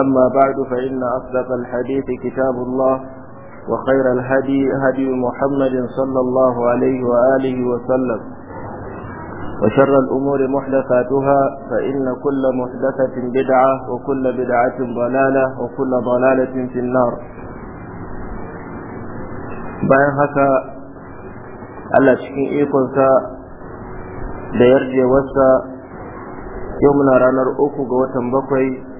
أما بعد فإن أصدق الحديث كتاب الله وخير الهدي هدي محمد صلى الله عليه وآله وسلم وشر الأمور محدثاتها فإن كل محدثة بدعة وكل بدعة ضلالة وكل ضلالة في النار bayan haka Allah cikin ikonsa da yarjewarsa yau muna ranar uku ga watan bakwai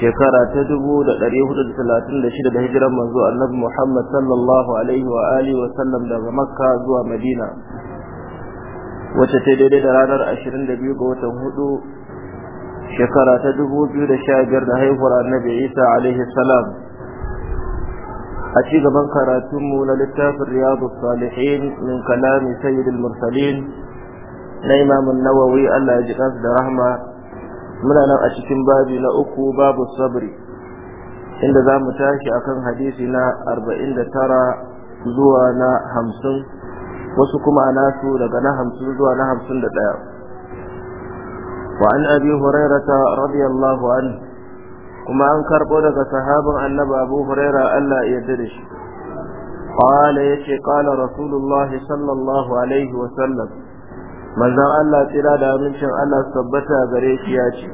shekara ta dubu da ɗari hudu da talatin da shida da hijiran manzo annabi Muhammad sallallahu alaihi wa alihi wa sallam daga Makka zuwa Madina wacce ta daidai da ranar ashirin da biyu ga watan hudu shekara ta dubu biyu da sha biyar da haihuwar annabi Isa alaihi salam a ci gaban karatunmu na littafin riyadu salihin min kalami sayyidul mursalin na imamun nawawi Allah ya ji da rahma muna nan a cikin babi na uku babu sabri inda za mu tashi akan hadisi na arba'in da tara zuwa na hamsin wasu kuma a nasu daga na hamsin zuwa na hamsin da ɗaya وعن أبي هريرة رضي kuma an karɓo daga sahabin annabi abu huraira Allah ya dare shi qala yace qala rasulullah sallallahu alaihi wa sallam manzon Allah tsira da amincin Allah tabbata gare shi ya ce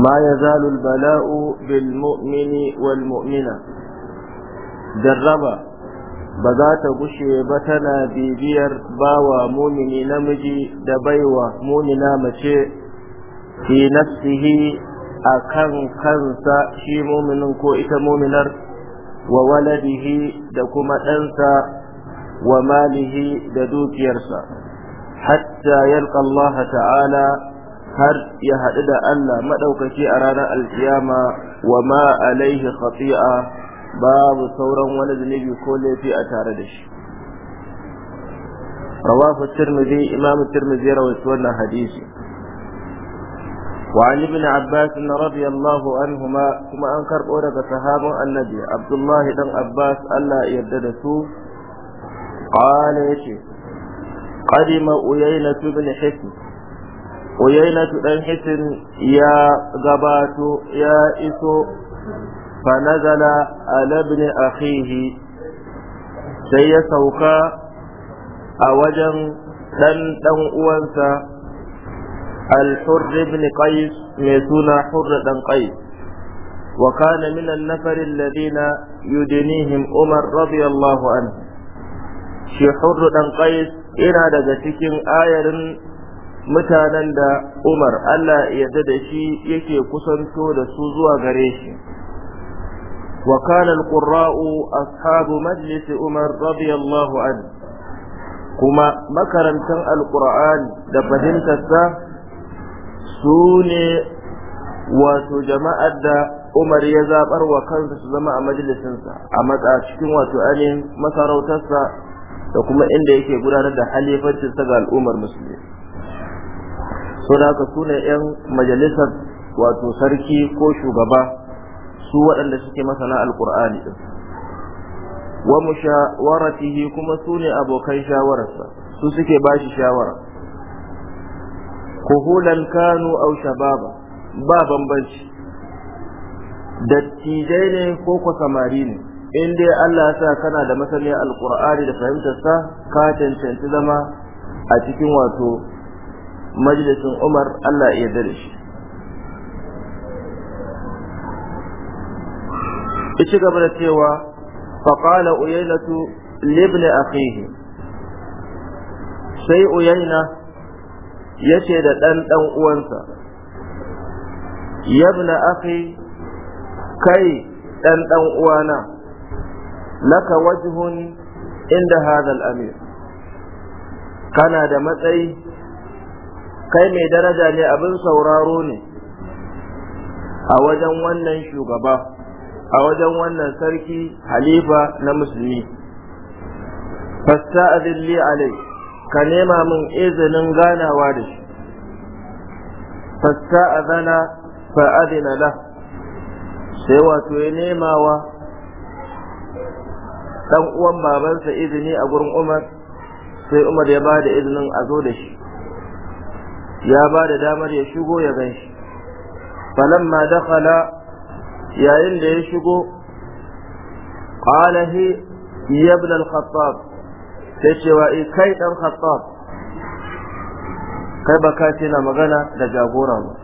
ma yazalu albala'u bil mu'mini wal mu'mina jarraba ba za ta gushe ba tana bibiyar bawa mumini namiji da baiwa mumina mace fi nafsihi a kan kansa shi muminin ko ita muminar wa waladihi da kuma ɗansa wa malihi da dukiyarsa hatta yalqa Allah ta'ala har ya haɗu da Allah maɗaukaki a ranar alkiyama wa ma alaihi khati'a babu sauran wani zunubi ko laifi a tare da shi rawahu tirmidhi imamu tirmidhi ya rawaito wannan hadisi وعن abbas عباس رضي الله عنهما كما أنكر أورك صحاب Abdullahi dan Abbas Allah ya yarda da su. qala yace qadima uyayna ibn hisn hisn ya gabato ya iso fa nazala ala akhihi sai ya sauka a wajen ɗan ɗan uwansa al-hurr ibn qais mai suna hurr dan qais وكان من النفر الذين يدنيهم عمر رضي الله عنه shi hurru dan qais yana daga cikin ayarin mutanen da Umar Allah ya yarda da shi yake kusanto da su zuwa gare shi wa kana alqurra'u ashabu majlis Umar radiyallahu anhu kuma makarantan alqur'ani da fahimtarsa su ne wato jama'ar da Umar ya zabar wa kansa su zama a majalisinsa a matsa cikin wato ainihin masarautarsa da kuma inda yake gudanar da halifancin sa ga al'ummar musulmi so da haka su ne yan majalisar wato sarki ko shugaba su waɗanda suke masana alƙur'ani din wa mushawaratihi kuma su ne abokan shawararsa su suke bashi shawara kuhulan kanu aw shababa ba bambanci dattijai ne ko kwa ne in dai Allah ya sa kana da masaniyar alkur'ani da fahimtar sa ka cancanci zama a cikin wato majalisin Umar Allah ya dare shi ci gaba da cewa uyaylatu li ibn akhihi sai uyayna yace da dan dan uwansa yabna akhi kai dan dan uwana laka wajhun inda hadha al-amir kana da matsayi kai mai daraja ne abin sauraro ne a wajen wannan shugaba a wajen wannan sarki halifa na musulmi fasta'adhin li alai ka nema min izinin ganawa da shi fasta'adhana fa'adina lahu sai wato ya nemawa dan uwan babansa izini a gurin Umar sai Umar ya bada da izinin a zo da shi ya ba damar ya shigo ya gan shi falamma dakhala yayin da ya shigo qala hi ya ibn al-khattab sai cewa e eh, kai dan khattab kai baka ce na magana da jagora ba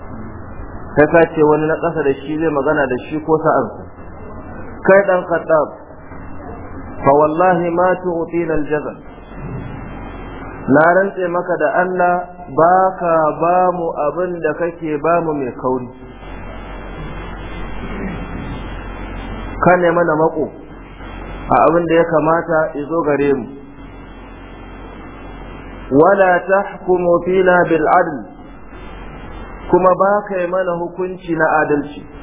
kai ka ce wani na ƙasa da shi zai magana da shi ko sa'an kai dan khattab fa wallahi ma tu'tina al-jaza na rantse maka da Allah baka ba mu abin da kake ba mu mai kauri ka ne mana mako a abin da ya kamata izo gare mu wala ta fina bil adl kuma ba yi mana hukunci na adalci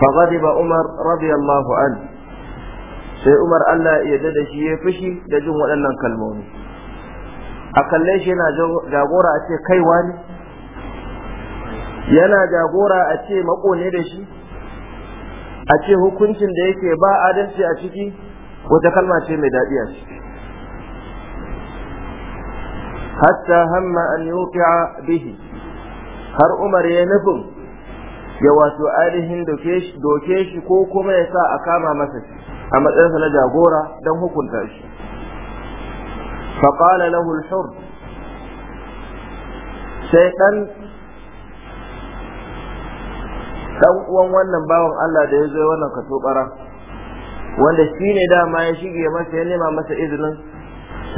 فغضب عمر رضي الله عنه sai Umar Allah ya yarda da shi ya fushi da jin waɗannan kalmomi a kalle shi yana jagora a ce kaiwa ne yana jagora a ce mako ne da shi a ce hukuncin da yake ba adalci a ciki wata kalma ce mai daɗi a ciki hatta hamma an yuqi'a bihi har Umar ya nufin ya wato ainihin doke shi ko kuma ya sa a kama masa shi a matsayinsa na jagora don hukunta shi faƙala na al sai ɗan uwan wannan bawan Allah da ya zo wannan ɓara wanda shi ne dama ya shige masa ya nema masa izinin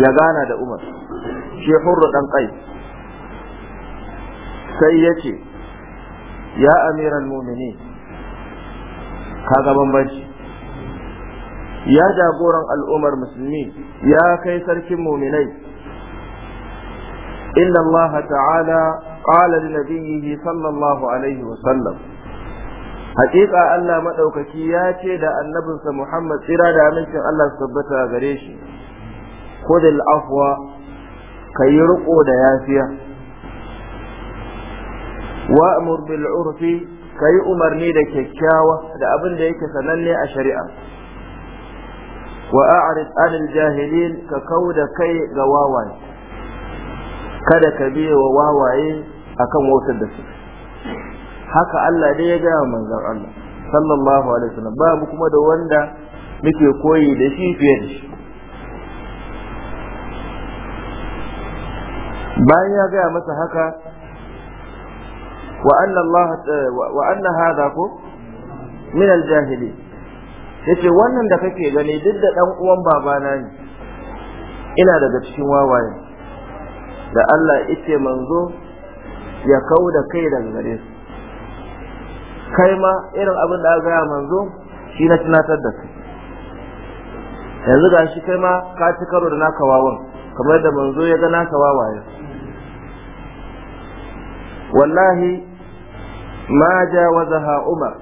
ya gana da Umar shi hurru ɗan ƙai sai ya ce ya amiran mumini kaga bambanci ya jagoran al'ummar musulmi ya kai sarkin muminai inna Allah ta'ala qala li sallallahu alaihi wa sallam haƙiƙa Allah madaukaki ya ce da annabinsa Muhammad tsira da amincin Allah su tabbata gare shi khudil afwa kayi riƙo da yafiya wa'mur bil urfi kai umarni da kyakkyawa da abin da yake sananne a shari'a wa a'rid al jahilin ka kauda kai ga wawaye kada ka biye wa wawaye akan wautar da su haka Allah dai ya gaya manzon Allah sallallahu alaihi wasallam babu kuma da wanda muke koyi da shi fiye da shi bayan ya gaya masa haka wa anna Allah wa anna ko min jahili yace wannan da kake gani duk da dan uwan babana ne ina daga cikin wawaye da Allah yace manzo ya kau da kai daga gare su kai ma irin abin da aka manzo shi na tunatar da su. yanzu ga shi kai ma ka ci karo da naka wawan kamar da manzo ya ga naka wawaye wallahi ma jawazaha umar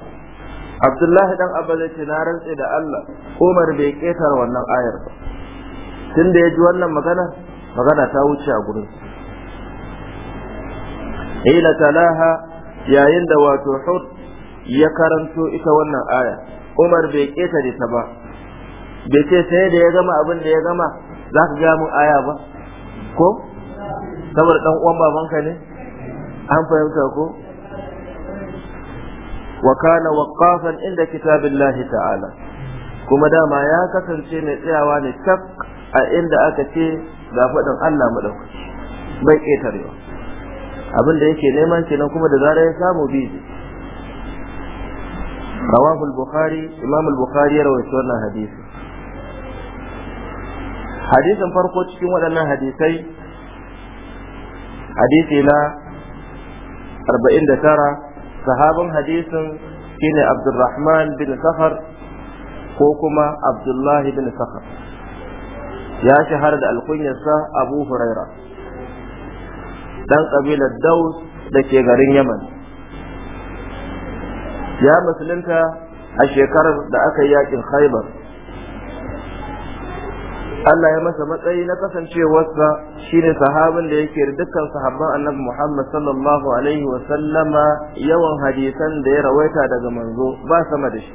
abdullahi dan abba zai ce na rantse da allah umar bai ketare wannan ayar ba tunda ya ji wannan magana magana ta wuce a gurin hila talaha yayin da wato hud ya karanto ita wannan aya umar bai ketare ta ba bai ce sai da ya gama abin da ya gama za ka gaya mun aya ba ko saboda dan uwan babanka ne an fahimta ko wa kana waqafan inda kitabillahi ta'ala kuma dama ya kasance mai tsayawa ne tak a inda aka ce ga faɗin Allah madaukaki bai ƙetarewa abin da yake neman kenan kuma da zarar ya samu biji. rawahu bukhari imam al-bukhari ya rawaito wannan hadisi hadisin farko cikin waɗannan hadisai hadisi na tara. sahabin hadisin shine abdurrahman bin safar ko kuma abdullahi bin safar ya shahara da alkunyarsa abu huraira dan kabilar daus da ke garin yaman ya musulunta a shekarar da aka yi yakin khaibar Allah ya masa matsayi na kasancewarsa shine sahabin da yake da dukkan sahabban Annabi Muhammad sallallahu alaihi wa sallama yawan hadisan da ya rawaita daga manzo ba sama da shi.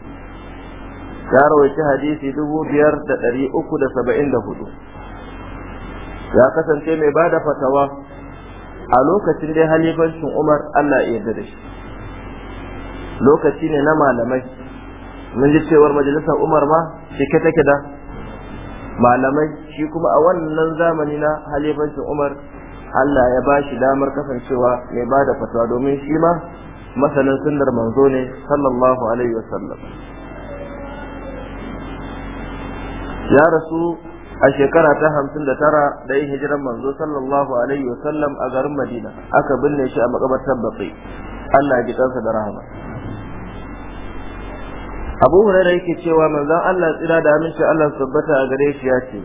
Ya rawaita hadisi dubu biyar da ɗari uku da saba'in da hudu. Ya kasance mai ba da fatawa a lokacin dai halifancin Umar Allah ya yarda da shi. Lokaci ne na malamai. Mun ji cewar majalisar Umar ma shi take da malamai shi kuma a wannan zamani na halifancin umar Allah ya ba shi damar kasancewa mai ba da fatawa domin shi ma masanin sunnar manzo ne sallallahu alaihi wasallam ya rasu a shekara ta hamsin da tara da yin hijiran manzo sallallahu alaihi wasallam a garin madina aka binne shi a makabartar batsai Allah ya ji kansa da rahama abu hurairah yake cewa manzon Allah tsira da aminci Allah tabbata a gare shi ya ce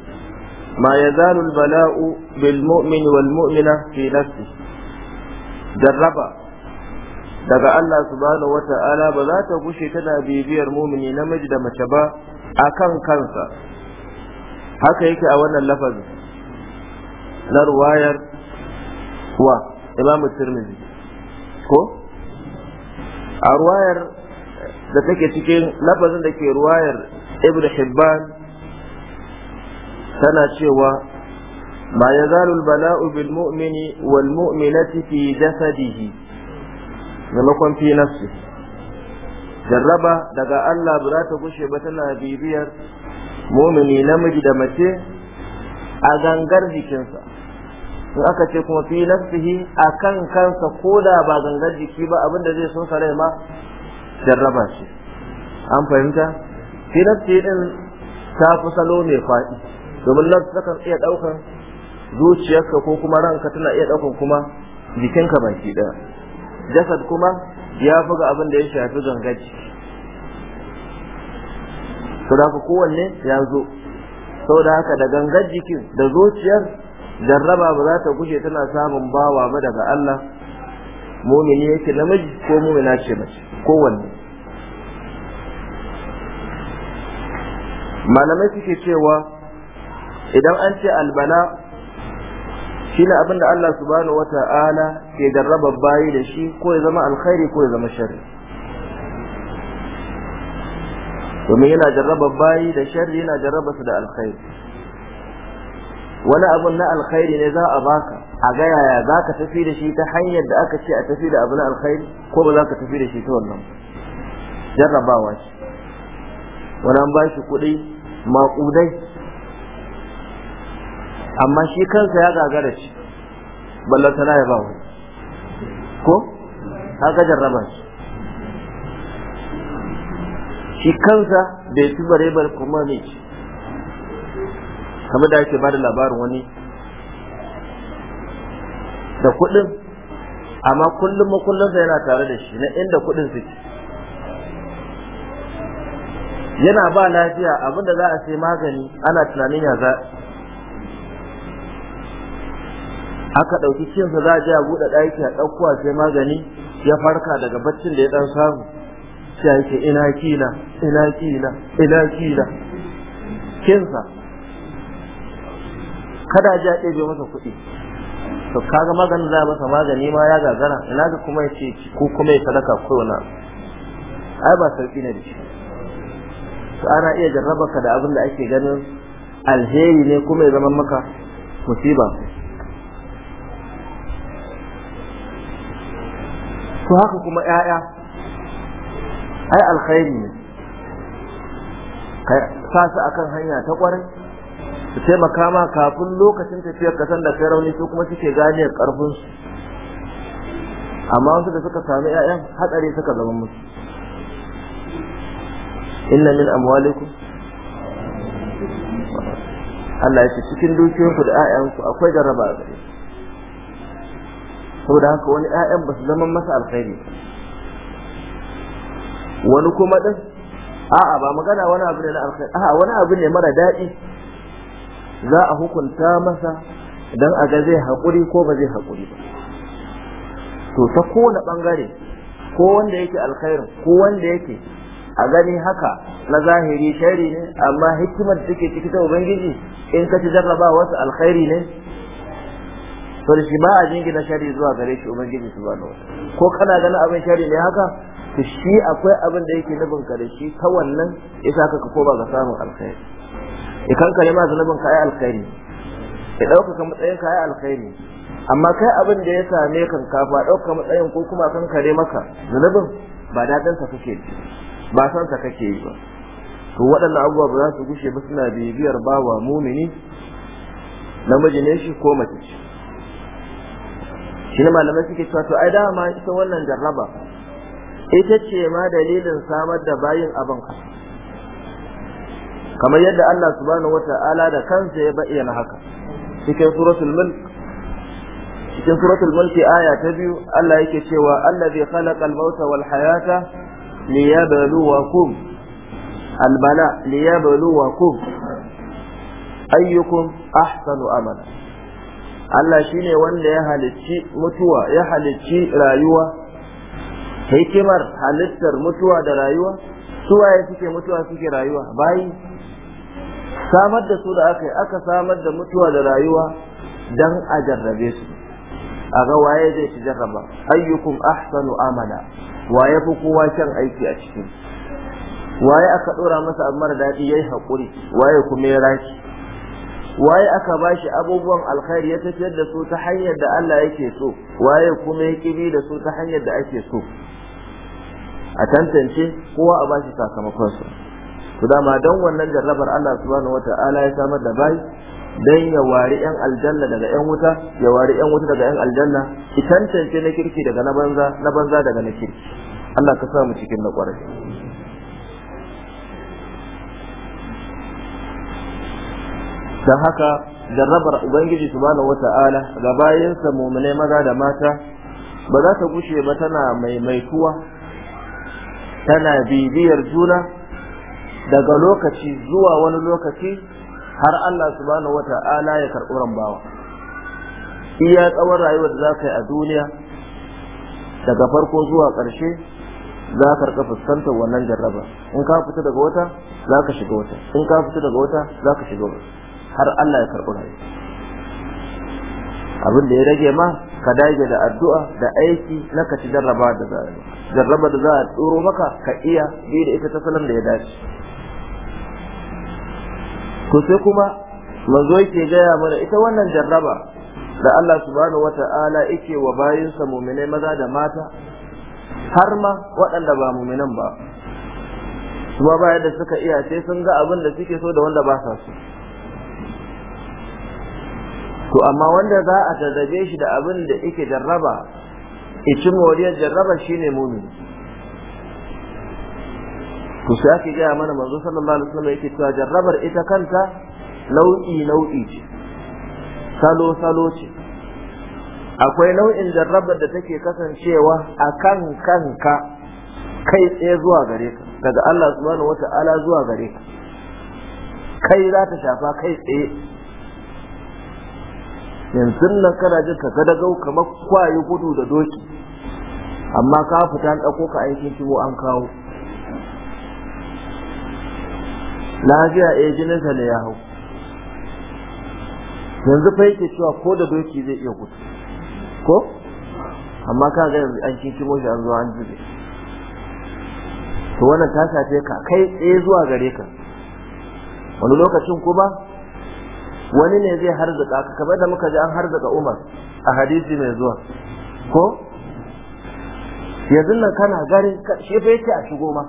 ma ya yazalu bala'u bil mu'min wal mu'mina fi nafsi jarraba daga Allah subhanahu wata'ala ba za ta gushe tana bibiyar mumini namiji da mace ba akan kansa haka yake a wannan lafazin na ruwayar wa imamu tirmidhi ko a ruwayar da take cikin lafazin da ke ruwayar ibn hibban tana cewa ma ya zalu bala'u bil mu'mini wal mu'minati fi jasadihi maimakon fi nafsi jarraba daga Allah ba za ta gushe ba tana bibiyar mumini namiji da mace a gangar jikinsa in aka ce kuma fi nafsihi a kan kansa ko da ba gangar jiki ba abinda zai sun sarai ma jarraba ce an fahimta fi din ta fi salo mai faɗi domin nafsi saka iya ɗaukar zuciyarka ko kuma ranka tana iya ɗaukar kuma jikinka baki ɗaya jasad kuma ya buga abin da ya shafi gangaji, jiki to da kowanne ya zo saboda haka da gangar jikin da zuciyar jarraba ba za ta gushe tana samun bawa ba daga Allah mumini yake namiji ko mumina ce mace kowanne malamai suke cewa idan an ce albana shi abin da Allah subhanahu ta'ala ke jarraba bayi da shi ko ya zama alkhairi ko ya zama sharri domin yana jarraba bayi da sharri yana jarraba su da alkhairi wani abun na alkhairi ne za a baka a ga yaya za ka tafi da shi ta hanyar da aka ce a tafi da abu na alkhairi ko ba za ka tafi da shi ta wannan jarrabawa shi wani ba shi kuɗi maƙudai amma shi kansa ya gagara shi ballantana ya ba wani ko haka jarraba shi shi kansa bai ci bare bar kuma ne kamar da ake ba da labarin wani da kuɗin amma kullum makullansa yana tare da shi na inda kuɗin suke yana ba lafiya abinda za a sai magani ana tunanin ya za aka ɗauki cinsa za a je a buɗe ɗaki a ɗaukuwa sai magani ya farka daga baccin da ya ɗan samu sai yake ina kila ina kila ina kila kinsa kada a ɗebe masa kuɗi to kaga maganin za masa magani ma ya gagara ina ga kuma ya ce ko kuma ya sadaka ko wani ai ba sarki ne da shi to ana iya jarraba ka da abin da ake ganin alheri ne kuma ya zama maka musiba to haka kuma 'ya'ya ai alkhairi ne ka sa su akan hanya ta kwarai su taimaka ma kafin lokacin tafiyar ka san da kai rauni su kuma suke gane karfin su amma wasu da suka sami 'ya'yan hatsari suka zama musu inna min amwalikum Allah ya ce cikin ku da 'ya'yanku akwai jarraba a gare saboda haka wani 'ya'yan ba su zama masa alkhairi wani kuma din a'a ba magana wani abu ne na alkhairi a'a wani abu ne mara daɗi za a hukunta masa don a ga zai haƙuri ko ba zai haƙuri ba to ta kowane ɓangare ko wanda yake alkhairin ko wanda yake a gani haka na zahiri shari ne amma hikimar da take ciki ta ubangiji in ka ci jarraba wasu alkhairi ne to shi ba a jingina shari zuwa gare shi ubangiji subhanahu wataala ko kana ganin abin shari ne haka to shi akwai abin da yake nufin ka da shi ta wannan isa ka koma ga samun alkhairi ya kankare ma zanubin ka alkhairi ya ɗaukaka matsayin ka alkhairi amma kai abin da ya same kan ka ba matsayin ko kuma kare maka zanubin ba daɗin sa kake ba san sa kake yi ba to waɗannan abubuwa ba za su gushe ba suna bibiyar bawa mumini namiji ne shi ko mace ce shi ne malamai suke cewa to ai dama ita wannan jarraba ita ce ma dalilin samar da bayin abin kasa kamar yadda Allah subhanahu wata'ala da kansa ya bayyana haka cikin suratul mulk cikin suratul mulk aya ta biyu Allah yake cewa allazi khalaqal mauta wal hayata liyabluwakum albala liyabluwakum ayyukum ahsanu amala Allah shine wanda ya halicci mutuwa ya halicci rayuwa hikimar halittar mutuwa da rayuwa suwaye suke mutuwa suke rayuwa bayi samar da su da aka yi aka samar da mutuwa da rayuwa dan a jarrabe su a ga waye zai ci jarraba ayyukum ahsanu amala waye fi kowa kyan aiki a cikin waye aka dora masa abu mara daɗi yayi haƙuri waye kuma ya rashi waye aka bashi abubuwan alkhairi ya tafiyar da su ta hanyar da Allah yake so waye kuma ya kibi da su ta hanyar da ake so a tantance kowa a bashi sakamakonsa su dama don wannan jarrabar Allah subhanahu wata'ala ya samar da bai don ya wari yan aljanna daga yan wuta ya wari yan wuta daga yan aljanna ki tantance na kirki daga na banza na daga na kirki Allah ka samu cikin na kwarai don haka jarrabar ubangiji subhanahu wata'ala ga bayansa mu'minai maza da mata ba za ta gushe ba tana maimaituwa tana bibiyar juna daga lokaci zuwa wani lokaci har Allah subhanahu wata'ala ya karɓi rambawa iya tsawon rayuwar da za ka yi a duniya daga farko zuwa ƙarshe za ka rika fuskantar wannan jarraba in ka fita daga wata za ka shiga wata in ka fita daga wata za ka shiga wata har Allah ya karɓi rayu abin da ya rage ma ka dage da addu'a da aiki na ka ci jarraba da za jarraba da za a tsoro maka ka iya bi da ita ta salon da ya dace ko sai kuma manzo yake gaya mana ita wannan jarraba da Allah subhanahu wata'ala yake wa bayinsa muminai maza da mata har ma waɗanda ba muminan ba kuma ba da suka iya sai sun ga abin da suke so da wanda ba sa so to amma wanda za a tarrabe shi da abin da yake jarraba ici moriyar jarraba shine mumini to sai ake gaya mana manzo sallallahu alaihi wasallam yake cewa jarrabar ita kanta nau'i nau'i ce salo salo ce akwai nau'in jarrabar da take kasancewa a kan kanka kai tsaye zuwa gare ka daga Allah subhanahu wata'ala zuwa gare ka kai za ta shafa kai tsaye yanzu nan kana jin ka gadagau kamar kwayi gudu da doki amma ka fita an ɗauko ka aikin shigo an kawo lafiya eh jininsa ne ya hau yanzu fa yake cewa ko da doki zai iya gudu ko amma ka ga yanzu an kinki shi an zo an zube to wannan ta shafe ka kai tsaye zuwa gare ka wani lokacin kuma wani ne zai harzuka ka kamar da muka ji an harzaka umar a hadisi mai zuwa ko yanzu nan kana gari shi fa yake a shigo ma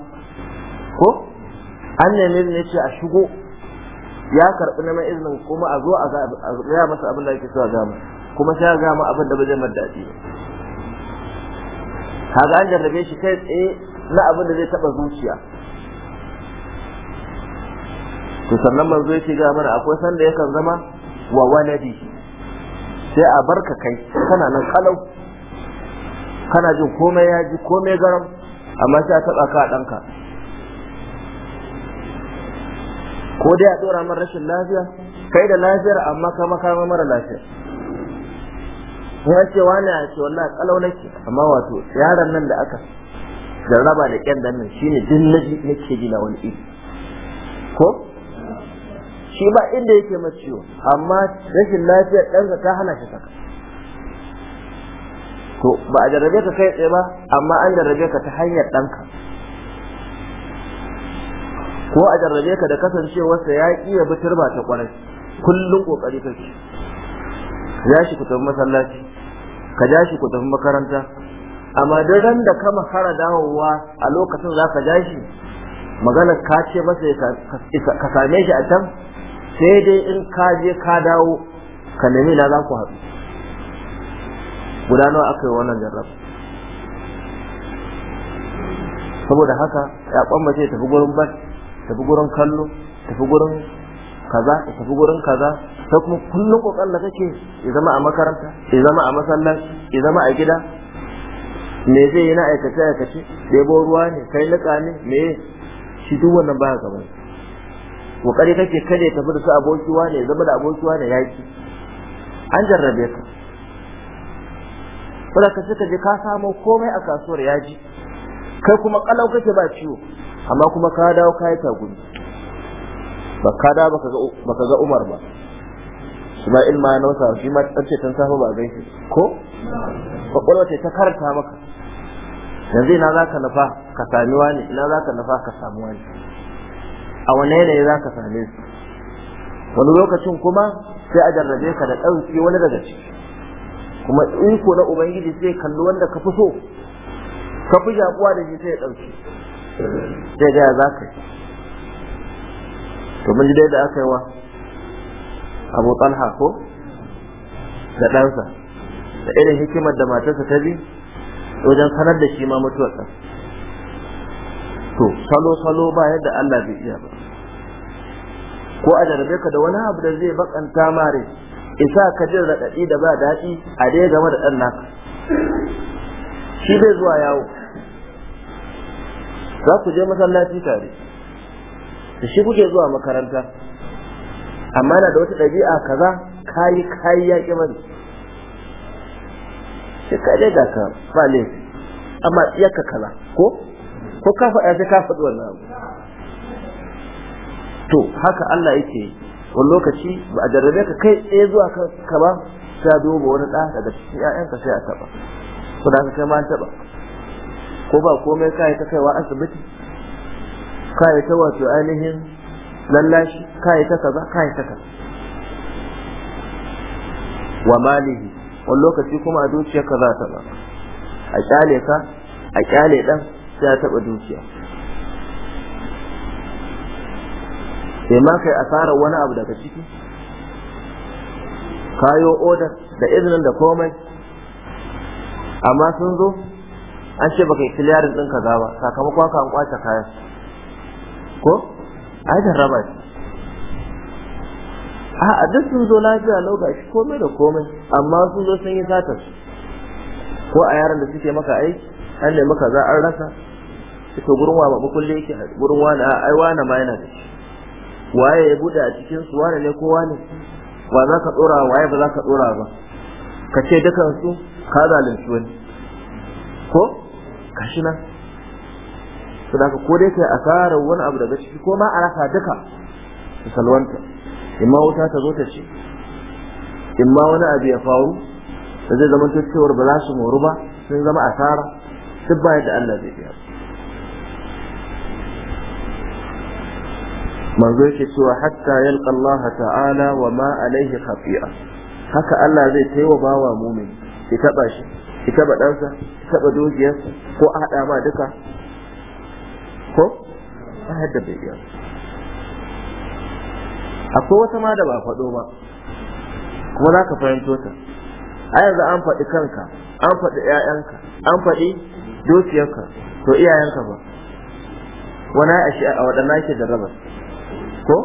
ko an nemi ne ce a shigo ya karɓi neman izinin kuma a zo a gaya masa abin da ake so a gama kuma sai a gama abin da bai zai mar daɗi kaga an jarrabe shi kai tsaye na abin da zai taɓa zuciya to sannan manzo yake ga mana akwai sanda yakan zama wa waladi sai a barka kai kana nan kalau kana jin komai ya ji komai garam amma sai a taɓa ka a ɗanka ko dai a dora mar rashin lafiya kai da lafiyar amma ka makama mara lafiya ya ce wani a ce wallahi kalau nake amma wato yaron nan da aka jarraba da kyan nan shine din naji nake gina wani iri ko shi ba inda yake maciyo ciwo amma rashin lafiyar ɗansa ta hana shi saka to ba a jarrabe ka kai tsaye ba amma an jarrabe ka ta hanyar ɗanka ko a jarrabe ka da kasancewarsa ya ƙi ya bi turba ta kwarai kullum kokari kake ya shi ku tafi masallaci ka ja shi ku tafi makaranta amma duk ran da ka makara dawowa a lokacin za ka ja shi magana ka ce masa ka same shi a can sai dai in ka je ka dawo ka nemi na za ku haɗu guda nawa aka yi wannan jarrabu saboda haka ya sai tafi gurin bas tafi gurin kallo tafi gurin kaza tafi gurin kaza ta kuma kullum kokarin da kake ya zama a makaranta ya zama a masallaci ya zama a gida me zai yi na aikace aikace ɗebo ruwa ne kai niƙa ne me shi duk wannan baya gaba kokari kake kada ya tafi da su abokiwa ne ya zama da abokiwa ne yaki an jarrabe ka saboda ka je ka samo komai a kasuwar yaji kai kuma kalau kake ba ciwo amma kuma ka dawo ka yi tagumi ba ka dawo baka ga umar ba Isma'il ma na wasa shi ma tsarce tan safe ba gan shi ko kwakwalwa ce ta karanta maka yanzu ina za ka nafa ka sami wani ina za ka ka sami wani a wane yanayi za ka same su wani lokacin kuma sai a jarrabe ka da ɗauki wani daga ciki kuma iko na ubangiji sai kalli wanda ka fi so ka fi jabuwa da shi sai ya ɗauki sai gaya za ka yi to mun ji dai da aka yi wa abu talha ko da ɗansa da irin hikimar da matarsa ta bi wajen sanar da shi ma mutuwar to salo salo ba yadda Allah bai iya ba ko a jarabe ka da wani abu da zai bakanta mare isa ka jin raɗaɗi da ba daɗi a dai game da ɗan naka shi bai zuwa yawo za ku je masallaci tare da shi kuke zuwa makaranta amma na da wata ɗabi'a kaza kayi kayi ya ƙi mani shi ka dai ga ka ba laifi amma ka kaza ko ko ka faɗa sai ka faɗi wannan abu to haka Allah yake wani lokaci ba a jarrabe ka kai tsaye zuwa ka ba ta duba wani ɗa daga cikin 'ya'yanka sai a taɓa ko da ka kai ma taɓa ko ba komai kai ta kaiwa asibiti kai ta wato ainihin lallashi kai ta kaza kai ta kaza wa malihi wani lokaci kuma a dukiya ka za ta ba a kyale ka a kyale dan sai ya taba dukiya sai ma kai asarar wani abu daga ciki kayo odar da izinin da komai amma sun zo an ce baka yi kiliyarin ɗin kaza ba sakamakon haka an kwace kayan ko a yi raba shi a duk sun zo lafiya lau ga shi komai da komai amma sun zo sun yi satar ko a yaran da suke maka aiki an nemi kaza an rasa suka gurin wa babu kulle yake gurin wani a ai wani ma yana da shi waye ya bude a cikin su wani ne ko wani wa za ka dora waye ba za ka dora ba ka ce dukansu ka zalunci wani ko kashi nan su da ko dai kai asarar wani abu daga ciki ko ma a rasa duka su salwanta imma wuta ta zo ta ce imma wani abu ya faru da zai zama cewar ba za su moru ba sun zama asara duk ba yadda Allah zai biya manzo yake cewa hatta yalqa Allah ta'ala wa ma alaihi khafi'a haka Allah zai taiwa bawa mumin ki taba shi ki taba ɗansa taba dukiyar ko a hada ma duka ko a haɗa bai iya akwai wata ma da ba faɗo ba kuma za ka fahimto ta a yanzu an faɗi kanka an faɗi 'ya'yanka an faɗi dukiyarka to iyayenka ba wani a waɗannan ake da rabar ko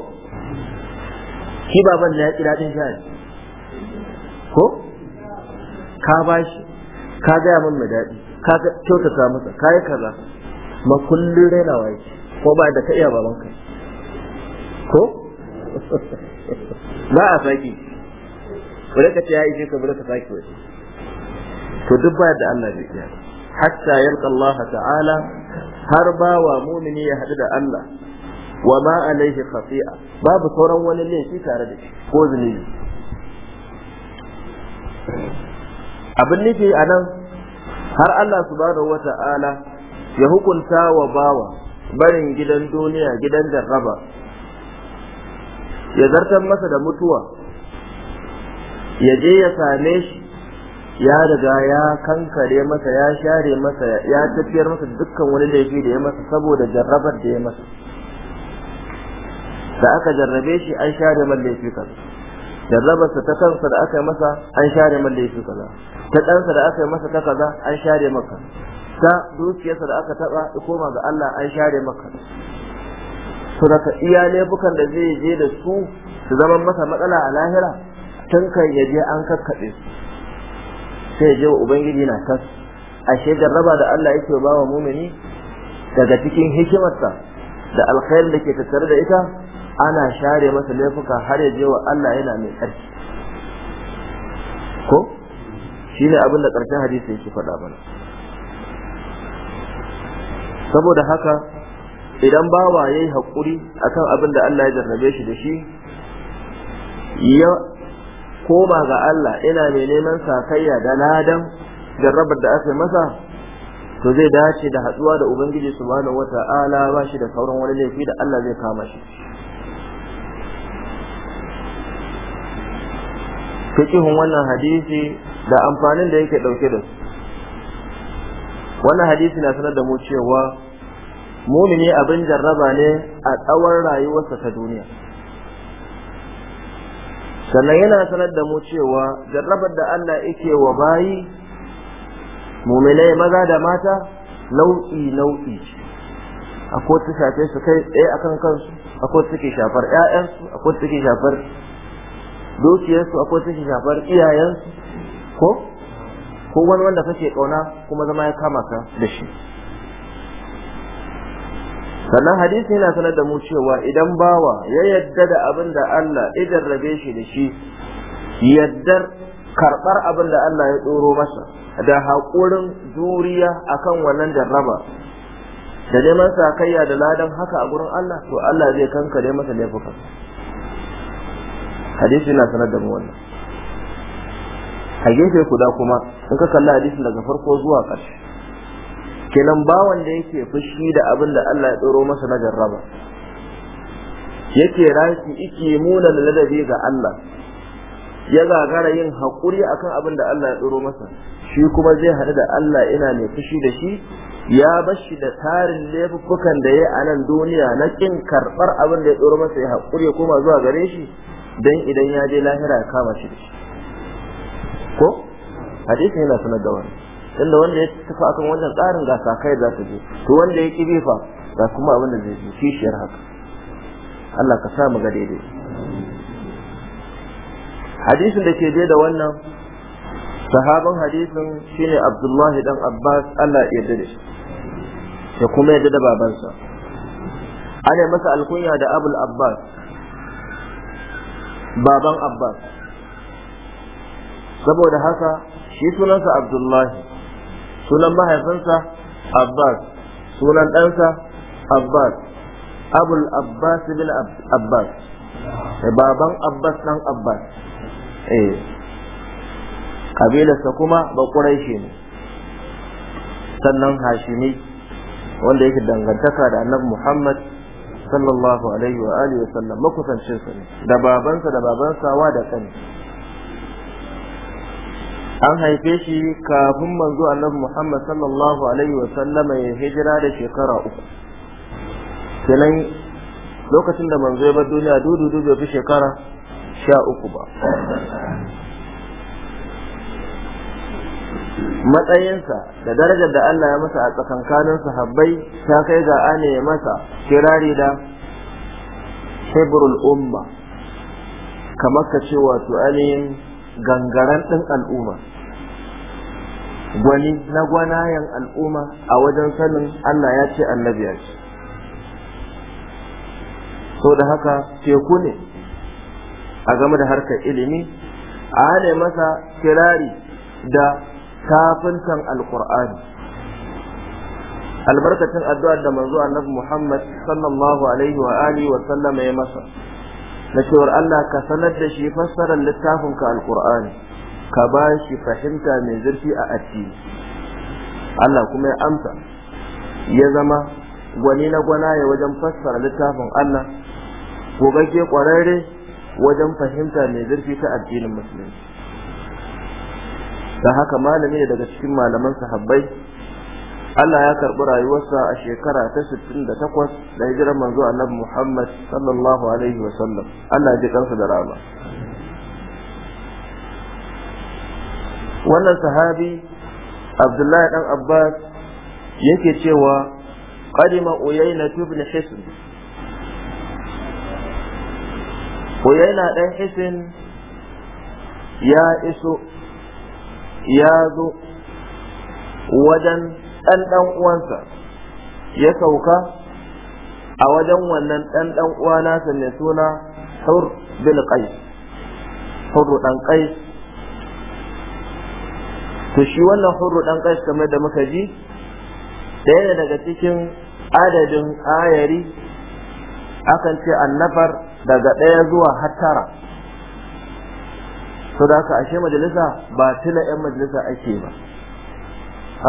shi baban na ya ƙi daɗin jari, ko ka ba shi ka gaya min mai daɗi ka kyautata masa ka yi kaza ma kullum rainawa yake ko ba da ka iya babanka ko ba a saki bari ka ce ya ishe ka bari ka saki wani to duk ba da Allah zai iya hatta yalqa Allah ta'ala har ba wa mumini ya hadu da Allah wa ma alaihi khati'a babu sauran wani laifi tare da shi ko zunubi abin nufi a nan har Allah su subhanahu wata Wata'ala ya hukunta wa bawa barin gidan duniya gidan jarraba ya zartar masa da mutuwa ya je ya same shi ya riga ya kankare masa ya share masa ya tafiyar masa dukkan wani laifi da ya masa saboda jarrabar da ya masa da aka jarrabe shi an share man laifi jarrabarsa ta kansa da aka yi masa an share masa kaza ta ɗansa da aka yi masa ta kaza an share maka ta dukiyarsa da aka taɓa ya koma ga Allah an share maka su daga iyalai laifukan da zai je da su su zama masa matsala a lahira tun kan ya je an kakkaɓe su sai je wa ubangiji na tas ashe jarraba da Allah yake ba wa mumini daga cikin hikimarsa da alkhairin da ke tattare da ita ana share masa laifuka har ya je wa Allah yana mai tsarki ko shi ne abin da ƙarshen hadisi yake faɗa mana saboda haka idan bawa yayi haƙuri akan abin da Allah ya jarrabe shi da shi ya koma ga Allah ina mai neman sakayya da ladan jarrabar da aka masa to zai dace da haɗuwa da Ubangiji subhanahu wata'ala ba shi da sauran wani laifi da Allah zai kama shi fiqihun wannan hadisi da amfanin da yake dauke da su wannan hadisi na sanar da mu cewa mumini abin jarraba ne a tsawon rayuwarsa ta duniya sannan yana sanar da mu cewa jarrabar da Allah yake wa bayi muminai maza da mata nau'i nau'i akwai ta shafe su kai tsaye akan kansu akwai suke shafar 'ya'yansu akwai suke shafar dukiyarsu akwai take shafar iyayensu ko ko wani wanda kake kauna kuma zama ya kama ka da shi sannan hadisi yana sanar da mu cewa idan bawa ya yadda da abin da Allah idan rabe shi da shi yaddar karɓar abin da Allah ya tsoro masa da haƙurin juriya akan wannan jarraba da neman sakayya da ladan haka a gurin Allah to Allah zai kankare masa laifukan hadisi yana sanar da mu wannan a gefe guda kuma in ka kalli hadisin daga farko zuwa ƙarshe kenan bawan da yake fushi da abin da Allah ya tsoro masa na jarraba yake rashi iki muna ladabi ga Allah ya gagara yin haƙuri akan abin da Allah ya tsoro masa shi kuma zai haɗu da Allah ina mai fushi da shi ya bashi da tarin laifukan da ya a nan duniya na ƙin karɓar abin da ya tsoro masa ya haƙuri ya zuwa gare shi dan idan ya je lahira ya kama shi da shi ko hadisi yana sanar da wani tunda wanda ya tafi akan wannan tsarin ga sakai za su je to wanda ya kibi fa ga kuma abin da zai ji shiyar haka Allah ka sa mu ga daidai hadisin da ke da wannan sahaban hadisin shine Abdullahi dan Abbas Allah ya yarda da shi ya kuma yarda da babansa ana masa alkunya da Abul Abbas baban abbas saboda haka shi sunansa abdullahi sunan mahaifinsa abbas sunan ɗansa abbas abul abbas bin abbas eh, baban abbas ɗan abbas eh kuma ba ƙuraishi ne sannan hashimi wanda yake dangantaka da annabi muhammad sallallahu alaihi wa alihi wa sallam makusancin sa da babansa da baban sawa da kan an haife shi kafin manzo annabi Muhammad sallallahu alaihi wa sallama ya hijira da shekara uku kenan lokacin da manzo ya bar duniya dudu dudu bai fi shekara sha uku ba matsayinsa da darajar da Allah ya masa a tsakankanin sahabbai ta kai ga ane masa kirari da hebrul umma kamar ka ce wato ainihin gangaren ɗin al'umma gwani na gwanayen al'umma a wajen sanin Allah ya ce annabi ya ce so da haka teku ne a game da harkar ilimi a hane masa kirari da kafintan alqur'ani albarkacin addu'ar da manzo annabi Muhammad sallallahu alaihi wa alihi wa sallama ya masa na cewar Allah ka sanar da shi fassarar littafin ka alkur'ani ka ba shi fahimta mai zurfi a addini Allah kuma ya amsa ya zama gwani na gwana ya wajen fassara littafin Allah gogagge kwararre wajen fahimta mai zurfi ta addinin musulunci don haka malami ne daga cikin malaman sahabbai Allah ya karɓi rayuwarsa a shekara ta 68 da hijirar manzo annabi Muhammad sallallahu alaihi wa sallam Allah ya ji kansa da rama wannan sahabi Abdullahi dan Abbas yake cewa qadima Uyayna ibn Hisn Uyayna dan Hisn ya iso ya zo wajen ɗan ɗan uwansa ya sauka a wajen wannan ɗan ɗan uwa nasa mai suna hur bil qais hur ɗan to shi wannan hur ɗan qais kamar da muka ji ɗaya daga cikin adadin ayari akan ce annabar daga ɗaya zuwa hattara sau da ka ashe majalisa ba tuna 'yan majalisa ake ba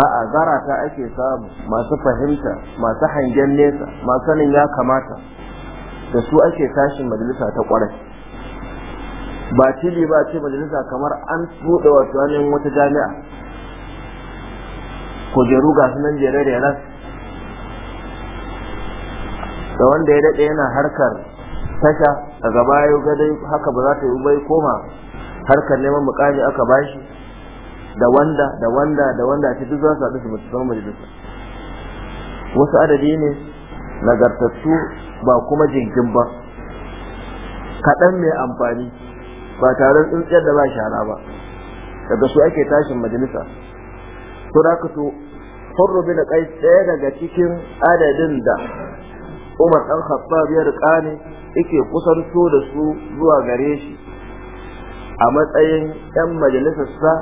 a'a zarata ake samu masu fahimta masu hangen nesa masu sanin ya kamata da su ake tashin majalisa ta kwarai ba tili ba ce majalisa kamar an buɗe wa hannun wata jami'a kujeru ga sunan jere da ras da wanda ya daɗe yana harkar tasha daga baya gadai haka ba za ta yi bai koma harkar neman mukami aka bashi da wanda da wanda da wanda ta duk su haɗu mutu majalisa wasu adadi ne nagartattu ba kuma jinkin ba kaɗan mai amfani ba tare tsintsiyar da ba shara ba daga su ake tashin majalisa to da ka so hurru bin kai ɗaya daga cikin adadin da Umar ɗan Khattab ya riƙa ne yake kusanto da su zuwa gare shi a matsayin 'yan majalisarsa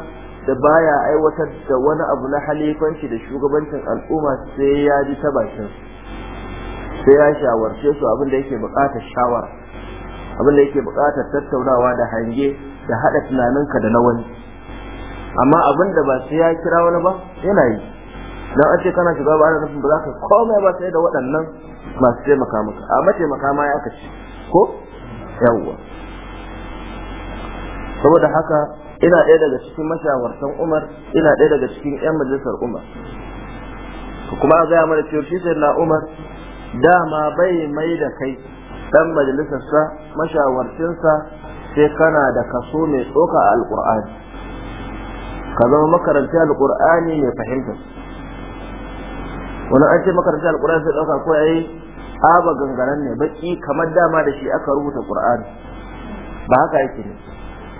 da baya aiwatar da wani abu na halifanci da shugabancin al'umma sai ya ji ta bakin sai ya shawarce su abin da yake buƙatar shawara abin da yake buƙatar tattaunawa da hange da haɗa tunaninka da na wani amma abin da ba sai ya kira wani ba yana yi don an ce kana shiga ba ana nufin ba za ka komai ba sai da waɗannan masu taimaka maka a mataimaka ma ya kace ko yawwa saboda haka ina ɗaya daga cikin mashawartan umar ina ɗaya daga cikin 'yan majalisar umar kuma a gaya mana cewa shi sai umar dama bai mai da kai ɗan majalisarsa mashawarcinsa sai kana da kaso mai tsoka a alƙur'ani ka zama makaranta alƙur'ani mai fahimtar wani an ce makaranta alƙur'ani sai ɗauka ko yayi aba gangaren ne baki kamar dama da shi aka rubuta ƙur'ani ba haka yake ne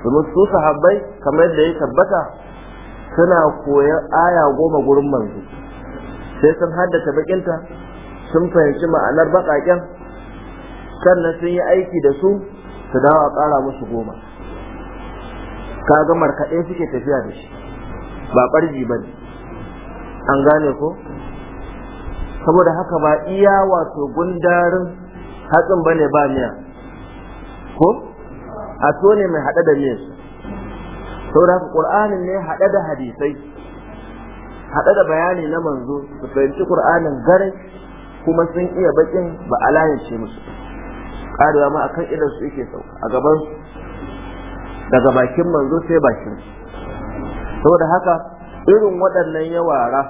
domin su sahabbai kamar da ya tabbata suna koyar aya goma gurin manzo sai sun haddace bakinta sun fahimci ma'anar baƙaƙen sannan sun yi aiki da su su dawo a ƙara musu goma kaga markaɗe suke tafiya da shi ba ɓarji ba ne an gane ko saboda haka ba iya wato gundarin hatsin ba ne ba miya ko a so ne mai haɗe da miyar saboda haka ne haɗe da hadisai haɗe da bayani na manzo su fahimci qur'anin garai kuma sun iya bakin ba a layance musu ƙarewa ma akan idan su yake sau a gaban daga bakin manzo sai bakin saboda haka irin waɗannan yawara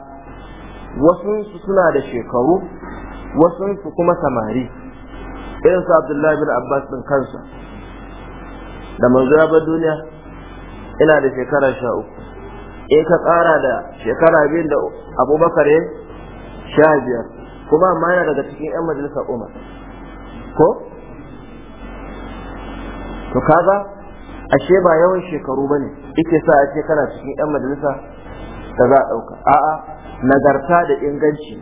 wasunsu suna da shekaru wasunsu kuma samari irin su abdullahi bin abbas ɗin kansa da manzo ya bar duniya ina da shekara sha uku in eh, ka ƙara da shekara biyun da abubakar ya sha biyar kuma amma yana daga cikin 'yan majalisa umar ko to kaga ashe ba yawan shekaru ba ne ike sa a ce kana cikin 'yan majalisa da za a ɗauka a'a nagarta da inganci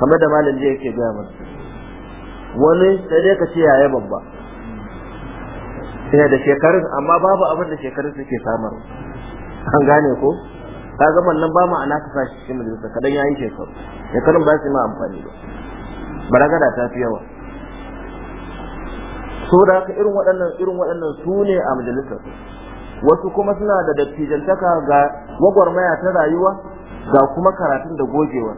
kamar da malam jiya yake gaya mana wani sai dai ka ce yaya babba yana da shekarun amma babu abin da shekarun suke samar an gane ko ka ga wannan ba ma'ana ka sa shi cikin majalisa kadan yayin shekaru shekarun ba su ma amfani ba baragada ta fi yawa so da haka irin waɗannan irin waɗannan su ne a majalisa wasu kuma suna da dattijantaka ga gwagwarmaya ta rayuwa ga kuma karatun da gogewa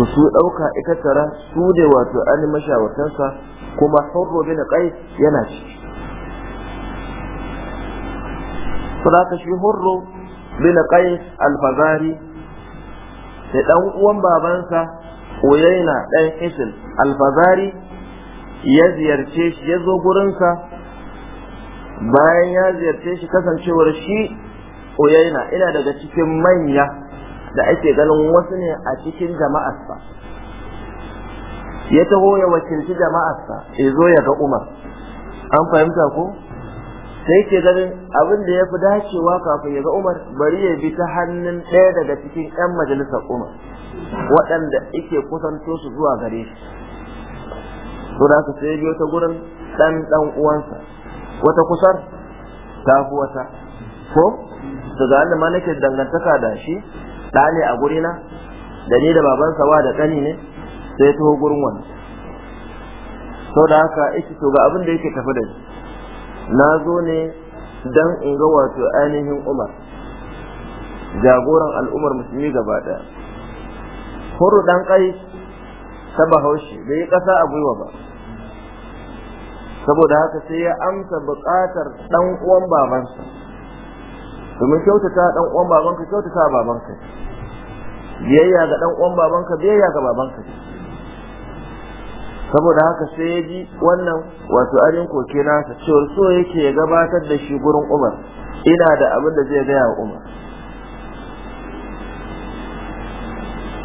su su ɗauka ita tara su ne wato an mashawartansa kuma hurru bin qais yana ciki saboda shi hurru bin qais al-fazari da dan uwan babansa Uyaina dan Isil al-fazari ya ziyarce shi ya zo gurinsa bayan ya ziyarce shi kasancewar shi Uyaina ina daga cikin manya da ake ganin wasu ne a cikin jama'arsa ya taho ya wakilci jama'arsa ya zo ya ga umar an fahimta ko sai ke ganin abin da ya fi dacewa kafin ya ga umar bari ya bi ta hannun ɗaya daga cikin 'yan majalisar umar waɗanda ike kusanto su zuwa gare shi to da ka sai biyo ta gurin ɗan ɗan uwansa wata kusar ta fi wata ko su ga ma nake dangantaka da shi ɗa ne a gurina da ni da babansa wa da ƙani ne sai taho gurin wani sau da haka yake to ga abin da yake tafi da shi na zo ne dan in ga wato ainihin umar jagoran al'ummar musulmi gaba ɗaya huru ɗan ƙai ta bahaushe bai yi ƙasa a gwiwa ba saboda haka sai ya amsa buƙatar ɗan uwan babansa domin kyautata ɗan uwan babanka kyautata babanka biyayya ga ɗan uwan babanka biyayya ga babanka saboda haka sai ya ji wannan wato arin koke nasa cewar so yake ya gabatar da shi gurin umar ina da abin da zai gaya wa umar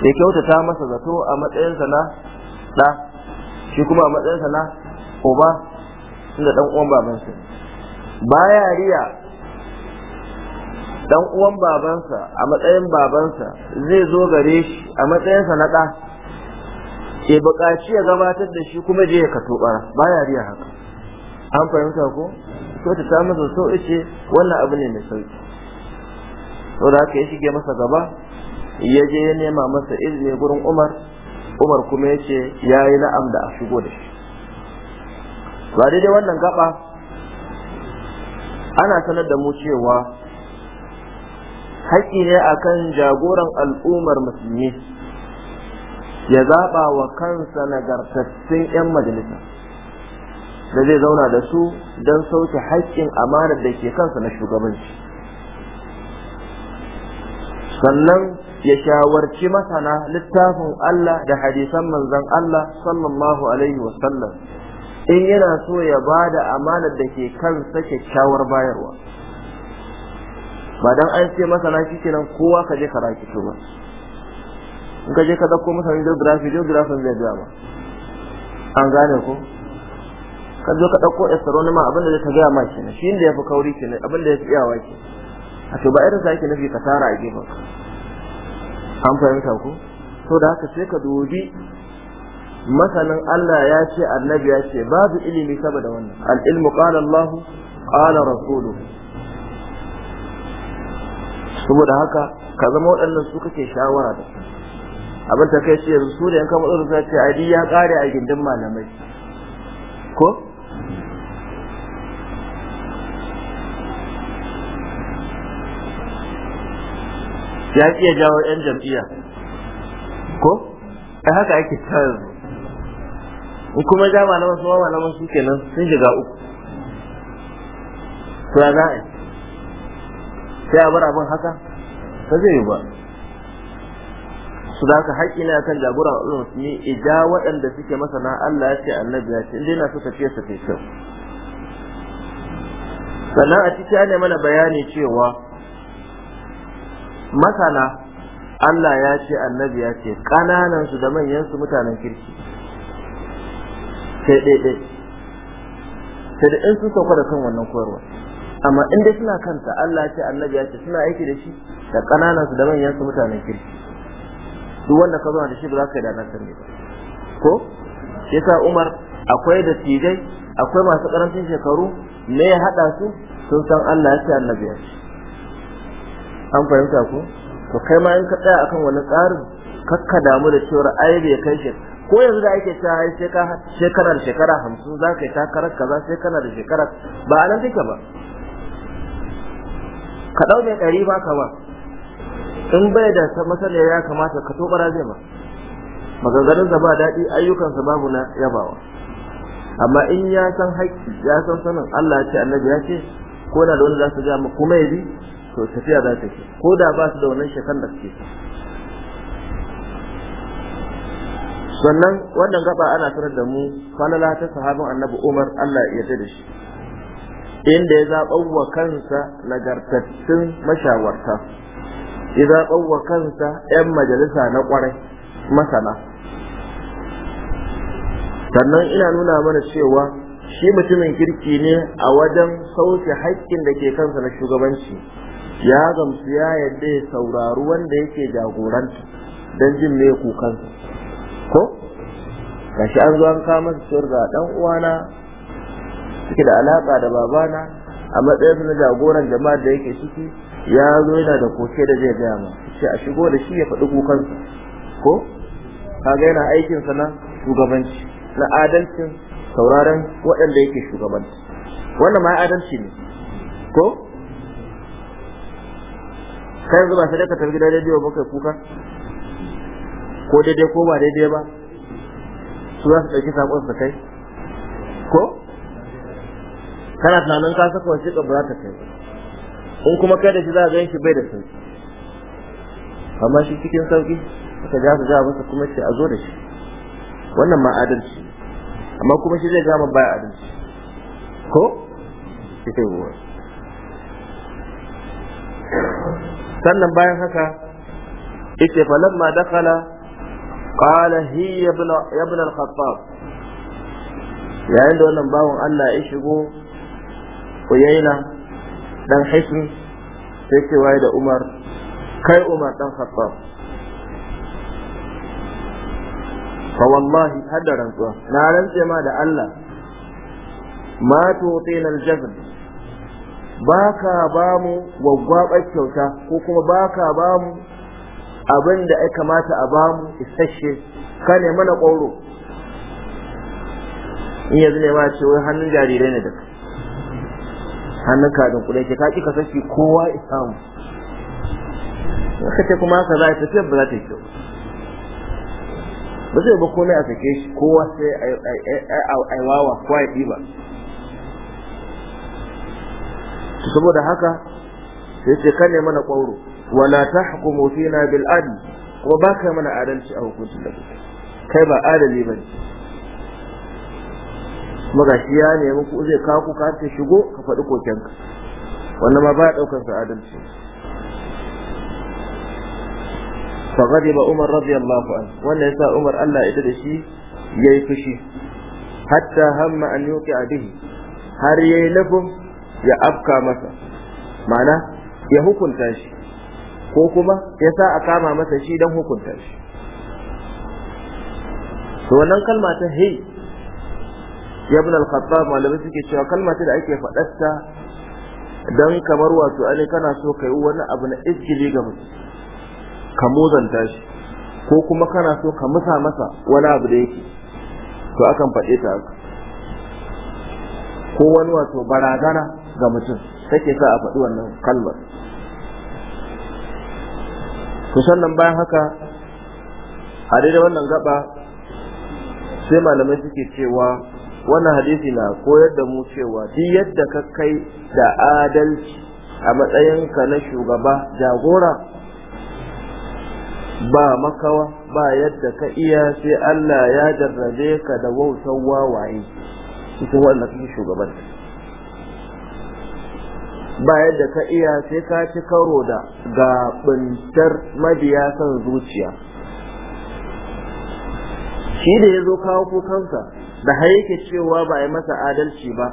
ya kyautata masa zato a matsayinsa na ɗa shi kuma a matsayinsa na uba inda ɗan uwan babansa baya riya ɗan uwan babansa a matsayin babansa zai zo gare shi a matsayinsa na ɗa ke bukaci ya gabatar da shi kuma je ya kato bara baya riya haka an fahimta ko to ta ta masa so ce wannan abu ne mai sauki to da ka ya shige masa gaba ya je ya nema masa izini gurin Umar Umar kuma ya ce ya yi na'am da a shigo da shi ba daidai wannan gaba ana sanar da mu cewa haƙƙi ne akan jagoran al'ummar musulmi ya zaɓa wa kansa nagartattun 'yan majalisa da zai zauna da su don sauke haƙƙin amanar da ke kansa na shugabanci sannan ya shawarci masana littafin Allah da hadisan manzan Allah sallallahu alaihi wasallam in yana so ya ba da amanar da ke kansa kyakkyawar bayarwa ba don an ce masana shi kenan kowa ka je ka raki ba in ka je ka dauko masa geography geography zai ga ba an gane ko ka zo ka dauko astronomy abinda zai ka ga ma shi ne shi inda yafi kauri ke kenan abinda yafi iyawa ke a to ba irin sa yake nufi ka tara a gefen an fahimta ku? to da haka sai ka dubi masanin Allah ya ce annabi ya ce babu ilimi saboda wannan al ilmu qala Allah qala rasuluhu saboda haka ka zama waɗannan su kake shawara da su abin ta kai shi yanzu su da yankan matsalar za ce adi ya kare a gindin malamai ko ya iya jawo yan jam'iyya ko a haka ake tsarin in kuma ja malamai su malamai su kenan sun shiga uku su ya za a sai a bar abin haka ta zai yi ba su da ka haƙƙi na kan jagora a musulmi ija waɗanda suke masana Allah ya ce annabi ya ce inda yana so tafiya su fi kyau sannan a ciki ana mana bayani cewa masana Allah ya ce annabi ya ce ƙananan su da manyan su mutanen kirki sai ɗaiɗe sai da in sun sauka da kan wannan koyarwa amma in dai suna kanta Allah ya ce annabi ya ce suna aiki da shi da ƙananan su da manyan su mutanen kirki duk wanda ka zauna da shi ba za ka yi da nan ba ko yasa Umar akwai da tijai akwai masu karancin shekaru me ya hada su sun san Allah ya ce annabi ya an fahimta ko to kai ma in ka tsaya akan wani tsarin kakka damu da cewa ai bai kai shi ko yanzu da ake cewa ai sai ka shekara da shekara 50 za ka yi takarar kaza sai kana da shekara ba a nan duka ba ka ɗauke mai ɗari ba ka ba in bai da masala ya kamata ka to bara zai ba maganganun da ba daɗi ayyukansa babu na yabawa amma in ya san haƙƙi ya san sanin Allah ya ce annabi ya ce ko na da wani za su ga mu kuma ya to tafiya za ta ce ko da ba su da wannan shekan da suke sannan wannan gaba ana sanar da mu falala ta sahabin annabi Umar Allah ya yarda da shi inda ya zaɓa wa kansa nagartattun mashawarta ya zaɓar wa kansa 'yan majalisa na ƙwarai masana sannan ina nuna mana cewa shi mutumin kirki ne a wajen sauke haƙƙin da ke kansa na shugabanci ya gamsu ya yadda ya saurari wanda yake jagoranta don jin me kukansa ko shi an zo an kama su ga dan uwana suke da alaƙa da babana a matsayin na jagoran jama'ar da yake ciki ya zo yana da koke da zai gaya ma sai a shigo da shi ya faɗi kukansa ko ga yana aikin sa na shugabanci na adalcin sauraron waɗanda yake shugabanci wannan ma adalci ne ko kai yanzu ba sai ka tafi gidan daidai ba kai kuka ko daidai ko ba daidai ba su za su ɗauki saƙon su kai ko kana tunanin ka saka wasiƙa ba za ta kai in kuma kai da shi za a gan shi bai da sauki amma shi cikin sauki aka ja za ga masa kuma ce a zo da shi wannan ma adalci amma kuma shi zai gama baya adalci ko cikin ruwa sannan bayan haka ita ma dakala qala hi ibn al-khattab yayin da wannan bawon Allah ya shigo kuyaina dan haifin sai ce waye da umar kai umar dan khattab fa wallahi hada rantsuwa na rantse ma da Allah ma tutina al baka ba mu gwaggwabar kyauta ko kuma baka ba mu abin da ya kamata a bamu mu isasshe ka ne mana ƙoro in yanzu ne ma ce wai hannun jarirai ne da hannun kadin kudai ke kaki ka saki kowa ya samu ce kuma haka za a tafiya ba za ta yi kyau ba zai ba komai a sake shi kowa sai a wawa kowa ya ɗiba saboda haka sai ce kane mana ƙwauro wala ta hukumu fina bil adl ko ba mana adalci a hukuncin da kai ba adali ba ne kuma ne shi ya nemi ku zai ka ta shigo ka faɗi ka. wannan ma ba ɗaukar sa adalci fa ba umar radiyallahu an wannan yasa umar Allah ita da shi yayi fushi hatta hamma an yuki adihi har yayi lafin ya afka masa ma'ana ya hukunta shi ko kuma ya sa a kama masa shi dan hukunta shi to wannan kalma ta hey ya bin al-khattab malamai suke cewa kalma ce da ake faɗarta dan kamar wato ani kana so kai wani abu na ijili ga mutum ka mozanta shi ko kuma kana so ka musa masa wani abu da yake to akan faɗe ta haka ko wani wato barazana ga mutum take sa a faɗi wannan kalmar to sannan bayan haka a daidai wannan gaba sai malamai suke cewa wannan hadisi na koyar da mu cewa duk yadda ka kai da adalci a matsayinka na shugaba jagora ba makawa ba yadda ka iya sai Allah ya jarrabe ka da wautar wawaye cikin wannan kake shugaban ba yadda ka iya sai ka ci karo da gabintar mabiya son zuciya shi da ya zo kawo kukansa da har yake cewa ba yi masa adalci ba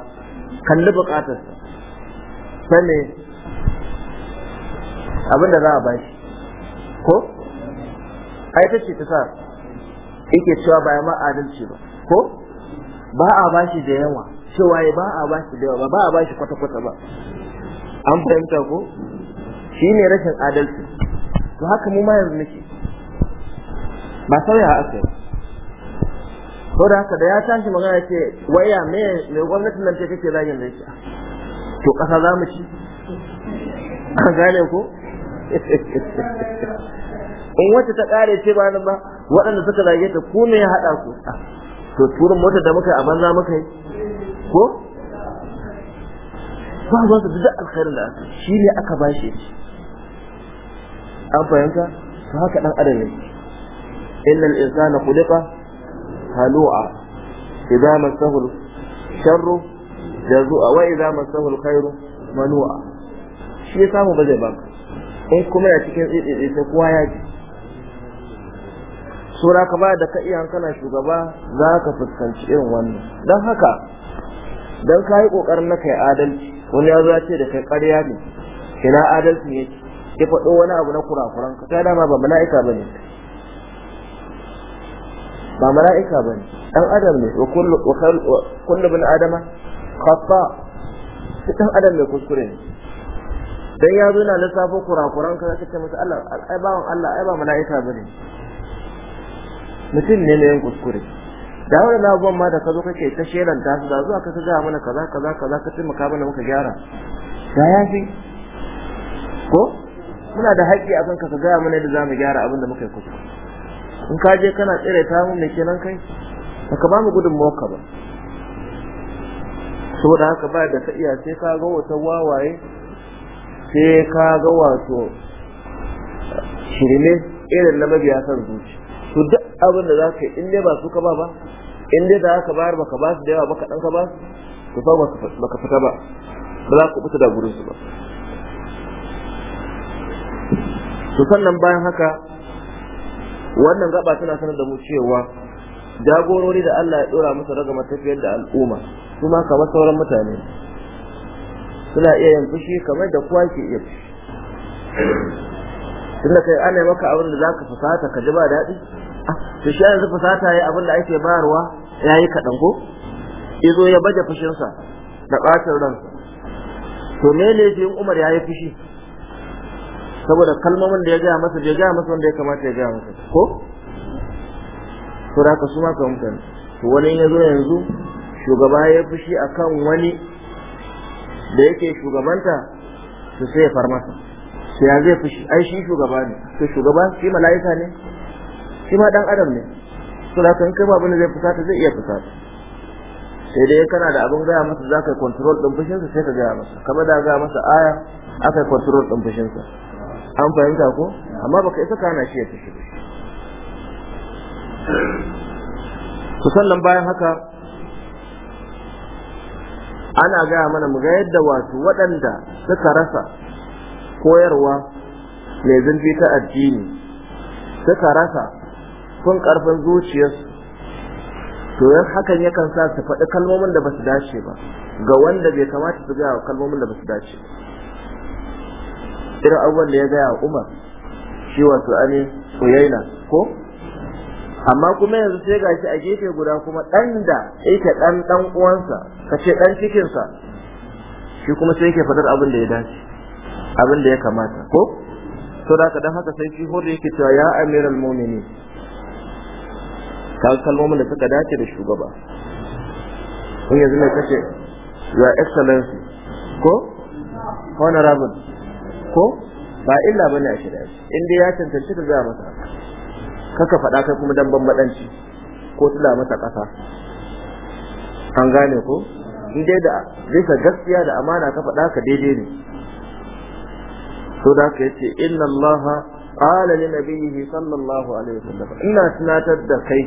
kalli bukatarsa sane abinda za a ba shi ko ai ta ce ta sa yake cewa ba ya ma adalci ba ko ba a ba shi da yawa cewa ya ba a ba shi da yawa ba a ba shi kwata-kwata ba an fahimta ko shi ne rashin adalci to haka mu ma yanzu nake ba sauya a asali ko da haka da ya tashi magana ce waya me me gwamnatin nan take zagin da shi to kasa za mu ci an gane ko in wata ta kare ce ba ba waɗanda suka zage ta ku me ya haɗa ku to turin mota da muka a banza muka yi ko ba ruwan su duk alkhairin da aka shi ne aka bashi an fahimta to haka dan adam ne innal insana khuliqa هلوعا إذا مسه الشر جزوعا وإذا مسه الخير منوعا shi ya samu ba ba in kuma ya cikin tsitsitsi sai kowa ya ji sura ka ba da ka iya kana shugaba za ka fuskanci irin wannan don haka don ka yi na kai adalci wani ya zo ce da kai karya ne kina adalci ne ki faɗo wani abu na kurakuran ka ta dama ba mala'ika ba ne ba mala'ika ba ne ɗan adam ne wa kullu bin adama khata shi ɗan adam mai kuskure ne dan ya zo na lissafo kurakuran ka ce masa Allah ai bawan Allah ai ba mala'ika ba ne mutum ne mai yin kuskure da wani abubuwan ma da ka zo kake ta shelan ta su da zuwa ka ta gaya mana kaza kaza kaza ka taimaka mana muka gyara da ya fi ko muna da haƙƙi akan ka ka gaya mana yadda za mu gyara abin da muka yi kuskure in ka je kana tsere ta mun me kenan kai baka ba mu gudun moka ba So da haka ba da ka iya sai ka ga wata wawaye sai ka ga wato shirme irin na mabiya san zuci to duk abin da zaka yi in dai ba su ka ba ba in dai da ka bayar baka ba su da yawa baka dan ka ba su to fa baka fita ba ba za ku fita da gurin su ba to sannan bayan haka wannan gaba tana sanar da mu cewa jagorori da Allah ya dora musu daga tafiyar da al'umma kuma kamar sauran mutane suna iya yin fushi kamar da kowa ke iya fushi tunda kai ana maka abin da zaka fusata ka ji ba daɗi ah, to shi yanzu fusata yayi abin da ake bayarwa yayi kaɗan ko yazo ya baje fushinsa da ɓacin ransa to me ne in Umar yayi fushi saboda kalmomin da ya gaya masa ya gaya masa wanda ya kamata ya gaya masa ko to da ka su ma ka mutane to wani ya zo yanzu shugaba ya fushi akan wani da yake shugabanta to sai ya far masa sai ya zai fushi ai shi shugaba ne to shugaba shi mala'ika ne shi ma dan adam ne to da kan kai babu ne zai fusata zai iya fusata sai dai kana da abin gaya masa za ka yi control ɗin fushinsa sai ka gaya masa kamar da gaya masa aya aka yi control ɗin fushinsa an fahimta ko amma baka isa kana shi ya tafi Su sannan bayan haka ana gaya mana mu ga yadda wasu waɗanda suka rasa koyarwa mai zurfi ta addini suka rasa kun ƙarfin zuciyarsu to yan hakan yakan sa su faɗi kalmomin da ba su dace ba ga wanda bai kamata su gaya wa kalmomin da ba su dace irin abubuwan da ya gaya a umar shi wato ane soyayya ko amma kuma yanzu sai ga shi a gefe guda kuma ɗan da yake ɗan ɗan uwansa ka ce ɗan cikinsa shi kuma sai yake faɗar abin da ya dace abin da ya kamata ko to da dan haka sai shi hore yake cewa ya amiral mu'mini kan kalmomin da suka dace da shugaba kun yanzu ne kace ya excellency ko honorable ko ba illa bane a shari'a in dai ya tantance ka za masa kaka faɗa kai kuma dan bambadanci ko tula masa ƙasa an gane ko in dai da bisa gaskiya da amana ka faɗa ka daidai ne to da ka yace inna Allah qala li nabiyhi sallallahu alaihi wasallam ina tunatar da kai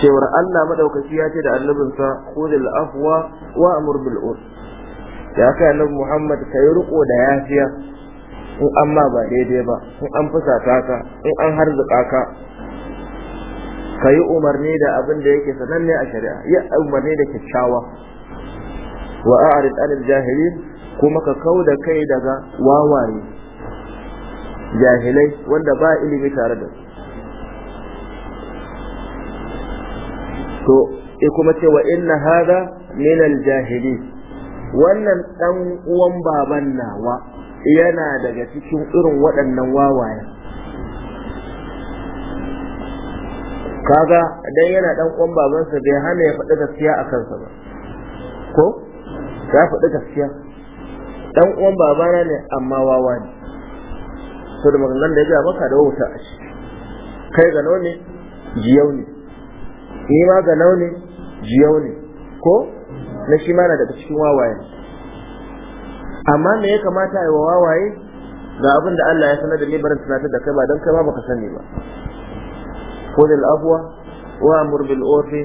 cewar Allah madaukaki ya ce da annabinsa qulil afwa wa amur bil urf ya kai annabi Muhammad ka yi riko da yafiya in an ba daidai ba in an fusata ka in an harzuka ka ka yi umarni da abin da yake sananne a shari'a yi umarni da kyakkyawa wa a'rid anil jahilin kuma ka kau da kai daga wawaye jahilai wanda ba ilimi tare da su to kuma ce wa inna hada min al jahilin wannan dan uwan baban nawa yana daga cikin irin waɗannan wawaye kaga dan yana dan uwan babansa bai hana ya faɗi gaskiya a kansa ba ko ya faɗi gaskiya dan uwan babana ne amma wawa ne to da maganganun da ya gaba maka da wuta a shi kai ga ne jiyau ne ni ma ga ne jiyau ne ko na shi ma na daga cikin wawaye amma me ya kamata yi wa wawaye ga abin da Allah ya sanar da ni barin tunatar da kai ba don kai ba baka sani ba khudh al-afwa wa amur bil urfi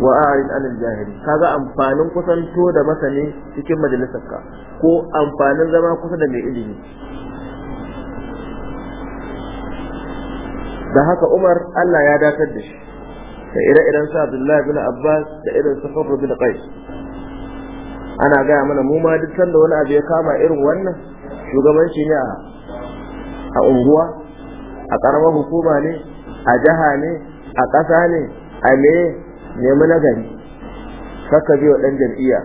wa a'rid anil jahili kaga amfanin kusanto da masani cikin majalisarka ko amfanin zama kusa da mai ilimi da haka Umar Allah ya datar da shi da ire-iren sa Abdullahi bin Abbas da irin sa Hurr bin Qais ana gaya mana mu ma duk sanda wani abu ya kama irin wannan shugabanci ne a unguwa a karamar hukuma ne a jiha ne a ƙasa ne a me nemi nagari kaka bi wa ɗan jam'iyya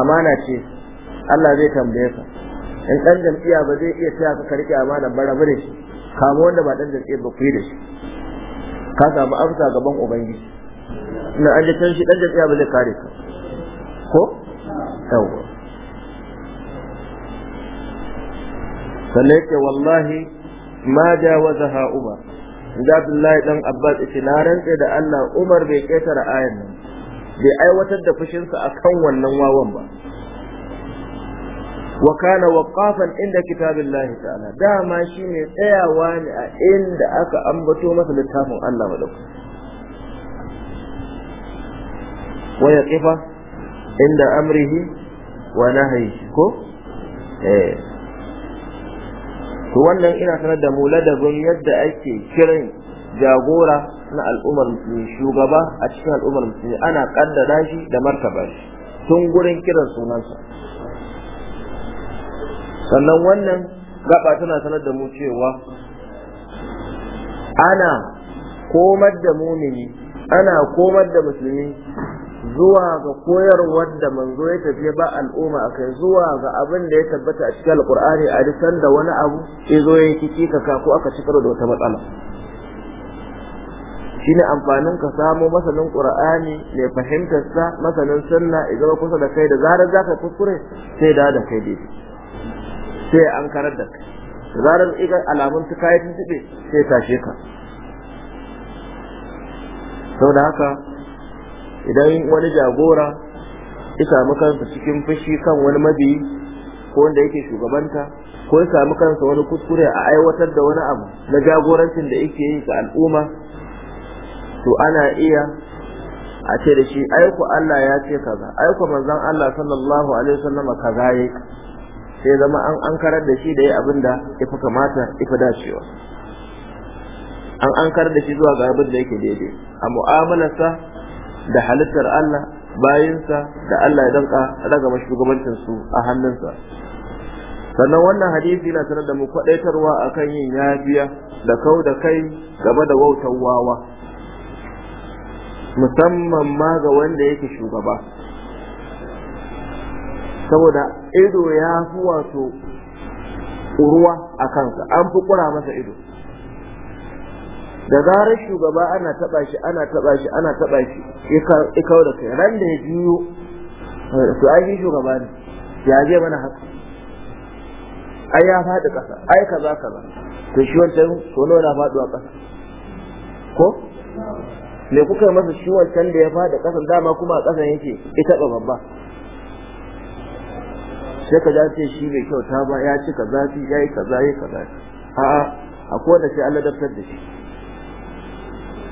amana ce Allah zai tambaye ka in ɗan jam'iyya ba zai iya taya ka riƙe amana ba rabu da shi kamo wanda ba ɗan jam'iyya ba ku yi da shi ka samu amsa gaban ubangiji na an can shi ɗan jam'iyya ba zai kare ka ko yawa sannan yake wallahi ma ja ha umar inda abdullahi dan abbas ce na rantse da Allah umar bai ketara ayan nan bai aiwatar da fushinsa a kan wannan wawan ba wa kana waqafan inda kitabillahi ta'ala dama shi ne tsayawa ne a inda aka ambato masa littafin Allah madaukaki wa yaqifa inda amrihi wa nahyihi ko eh. to wannan ina sanar da mu ladabin yadda ake kiran jagora na al'ummar musulmi shugaba a cikin al'ummar musulmi ana kaddada shi da martaba shi tun gurin kiran sunansa sannan wannan gaba tana sanar da mu cewa ana komar da mumini ana komar da musulmi zuwa ga koyarwar da manzo ya tafi ba al'umma akai zuwa ga abin da ya tabbata a cikin alqur'ani a duk da wani abu ya zo ya kike ka ko aka ci da wata matsala shine amfanin ka samo masanin qur'ani mai fahimtar sa masanin sunna idan kusa da kai da zarar zaka kuskure sai da da kai dai sai an karar da kai zarar iga alamun ta kai tun sai tashe ka saboda haka idan wani jagora ya samu kansa cikin fushi kan wani mabi ko wanda yake shugabanta ko ya samu kansa wani kuskure a aiwatar da wani abu na jagorancin da yake yi ga al'umma to ana iya a ce da shi aiko Allah ya ce kaza aiko manzon Allah sallallahu alaihi wasallam kaza yi sai zama an ankarar da shi da yayi abin da yafi kamata yafi dacewa an ankarar da shi zuwa ga abin da yake daidai a mu'amalarsa da halittar Allah bayinsa da Allah ya danka daga mashugabancin su a hannunsa sannan wannan hadisi na sanar da mu kwadaitarwa akan yin yafiya da kau da kai gaba da wautar wawa musamman ma ga wanda yake shugaba saboda ido ya fi wato ruwa a kansa an fi kura masa ido da zarar shugaba ana taba shi ana taba shi ana taba shi ya kawo da kai ran da ya juyo su aiki shugaba ne ya je mana haka ai ya faɗi ƙasa ai kaza kaza to shi wancan to nawa na faɗuwa ƙasa ko me kuka yi masa shi wancan da ya faɗi ƙasa, dama kuma a ƙasan yake ita ba babba sai ka ce shi mai kyauta ba ya ci kaza ya yi kaza ya kaza a'a akwai wanda sai Allah daftar da shi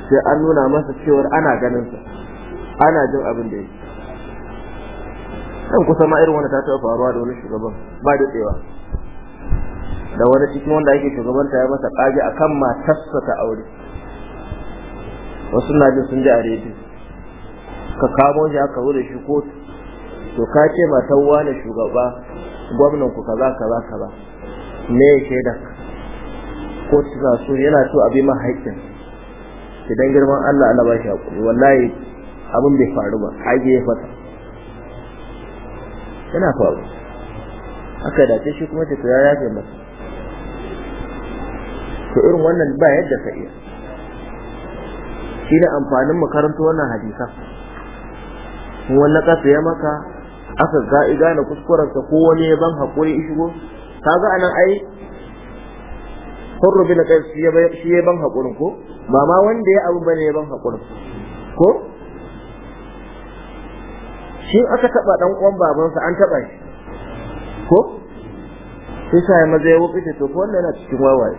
sai an nuna masa cewar ana ganin sa ana jin abin da yake dan kusa ma irin wanda ta taɓa faruwa da wani shugaban ba da tsewa da wani cikin wanda ake ta ya masa kage akan matarsa ta aure wasu na jin sun ji a rediyo ka kamo shi aka wuri shi kotu to ka ce matan wani shugaba gwamnan ku kaza kaza kaza me ya shaida kotu na so yana so a bi ma ki dan girman Allah Allah ba shi hakuri wallahi abin bai faru ba kage ya fata yana faru aka dace shi kuma ta ya ce masa to irin wannan ba yadda ka iya shi ne amfanin makarantar wannan hadisa wannan kasa ya maka aka ga gane kuskurensa ko wani ya ban haƙuri shigo kaga anan ai hurru na kai shi ya ban haƙurin ko ba ma wanda ya abu bane ban hakuri ko shi aka taɓa ɗan uwan babansa an taɓa shi ko sai sa ya maza ya wuƙi to wannan yana cikin wawaye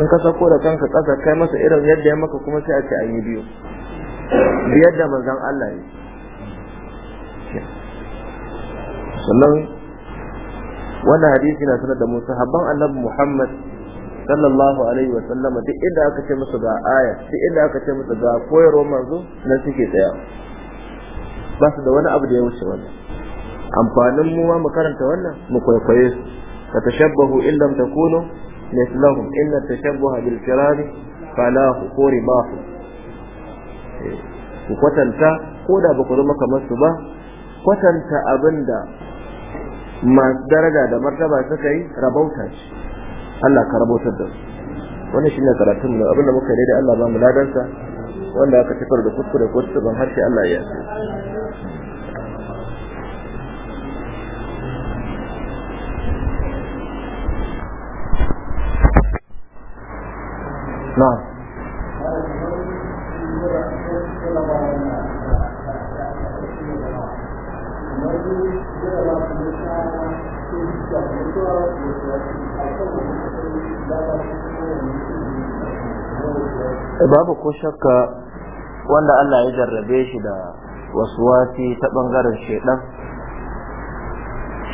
in ka sako da kanka ƙasa kai masa irin yadda ya maka kuma sai a ce an yi biyu biyar da manzon Allah ne sannan wannan hadisi na sanar da mu sahabban annabi Muhammad sallallahu alaihi wa sallama duk inda aka ce musu ga aya duk inda aka ce musu ga koyarwar manzo nan suke tsaya ba su da wani abu da ya wuce wannan amfanin mu ma mu karanta wannan mu kwaikwaye su ka tashabbahu in lam takunu mislahum inna tashabbaha bil kirami falahu ko ribahu eh, ku kwatanta ko da ba ku zama kamar su ba kwatanta abinda masu daraja da martaba suka yi rabauta shi Allah ka rabotar da wannan shine karatun mu abinda muka yi da Allah ba mu sa wanda aka tafar da kuskure ko ban harshe Allah ya yi Na'am babu ko shakka wanda Allah ya jarrabe shi da wafi ta bangaren shaidan?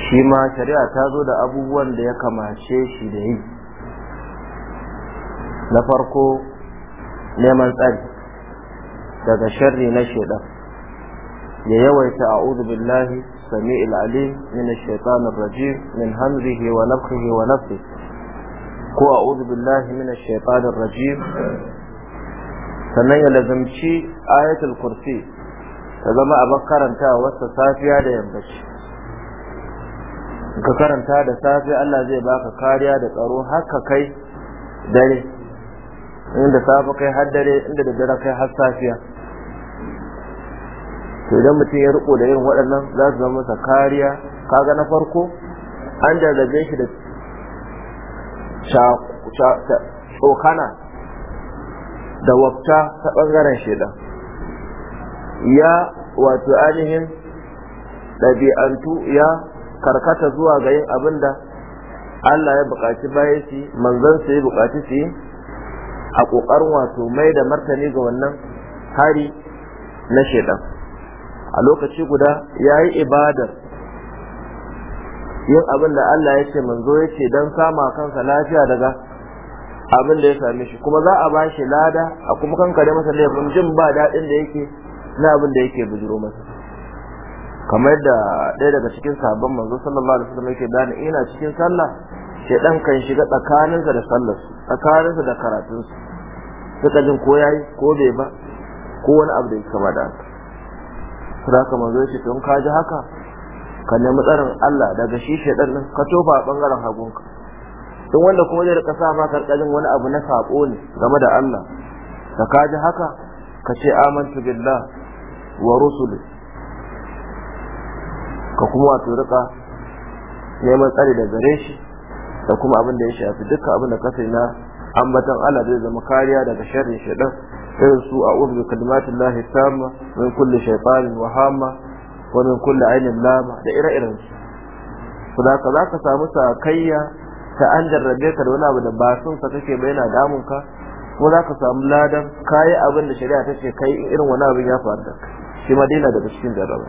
shi ma shari'a ta zo da abubuwan da ya kamace shi da yi na farko neman tsari daga sharri na shaidan. ya yawaita a'udhu billahi sami'il alim min rajim min hamzihi wa nafthihi wa nafthihi ko a'udhu billahi min rajim sannan ya lazimci ayatul kursi ta zama abin karanta wasu safiya da yambaci ka karanta da safiya Allah zai baka kariya da tsaro haka kai dare inda safe kai har dare inda da dare kai har safiya to idan mutum ya riko da yin waɗannan za su zama masa kariya kaga na farko an jarrabe shi da tsokana da wafta ta bangaren shaidan ya wato ainihin ɗabi'antu ya karkata zuwa ga yin abin da Allah ya buƙaci baya su manzon su ya buƙaci su a ƙoƙarin wato mai da martani ga wannan hari na shaidan a lokaci guda ya yi ibadar yin abin da Allah ya ce manzo ya ce sama kama kansa lafiya daga abin da ya same shi kuma za a ba shi lada a kuma kankare masa laifin jin ba daɗin da yake na abin da yake bujiro masa kamar da ɗaya daga cikin sabon manzo sallallahu alaihi wasallam yake bani ina cikin sallah shedan kan shiga tsakaninsa da sallar tsakaninsa da karatunsa suka jin ko yayi ko bai ba ko wani abu da yake kama da haka saboda manzo shi tun ka ji haka ka nemi tsarin Allah daga shi shedan ka tofa a bangaren hagunka don wanda kuma zai rika sa ma wani abu na sako ne game da Allah da ka ji haka ka ce amantu billah wa rusuli ka kuma wato rika neman tsari da gare shi da kuma abin da ya shafi dukkan abin da ka sai na ambatan Allah zai zama kariya daga sharri shaidan irin su a uzu kalmatin lahi tamma min kulli shaytanin wa hamma wa min kulli ainin lama da ire-iren su da ka za ka samu sakayya ta an jarrabe ka da wani abu da ba sun sa kake ba yana damun ka ko za ka samu ladan kayi abin da shari'a ta ce kai irin wani abin ya faru da shi ma daga cikin jarraba.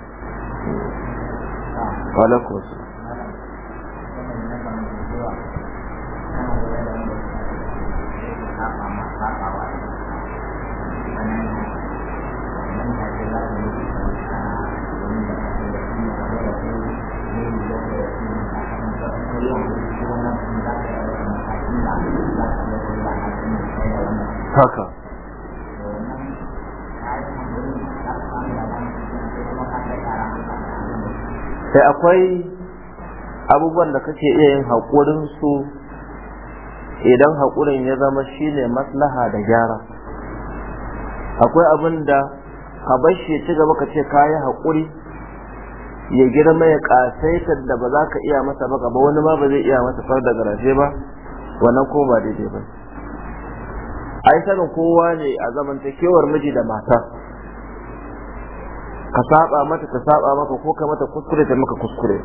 Wa haka sai akwai abubuwan da kake iya yin haƙurin su idan haƙurin ya zama shine maslaha da gyara akwai abin da ka bashi ya ci gaba ka ce kayi haƙuri ya girma ya ƙasaitar da ba za ka iya masa ba ba wani ma ba zai iya masa far da garaje ba wannan ko ba daidai ba ai sanin kowa ne a zamantakewar miji da mata ka saba mata ka saba maka ko ka mata kuskure ta maka kuskure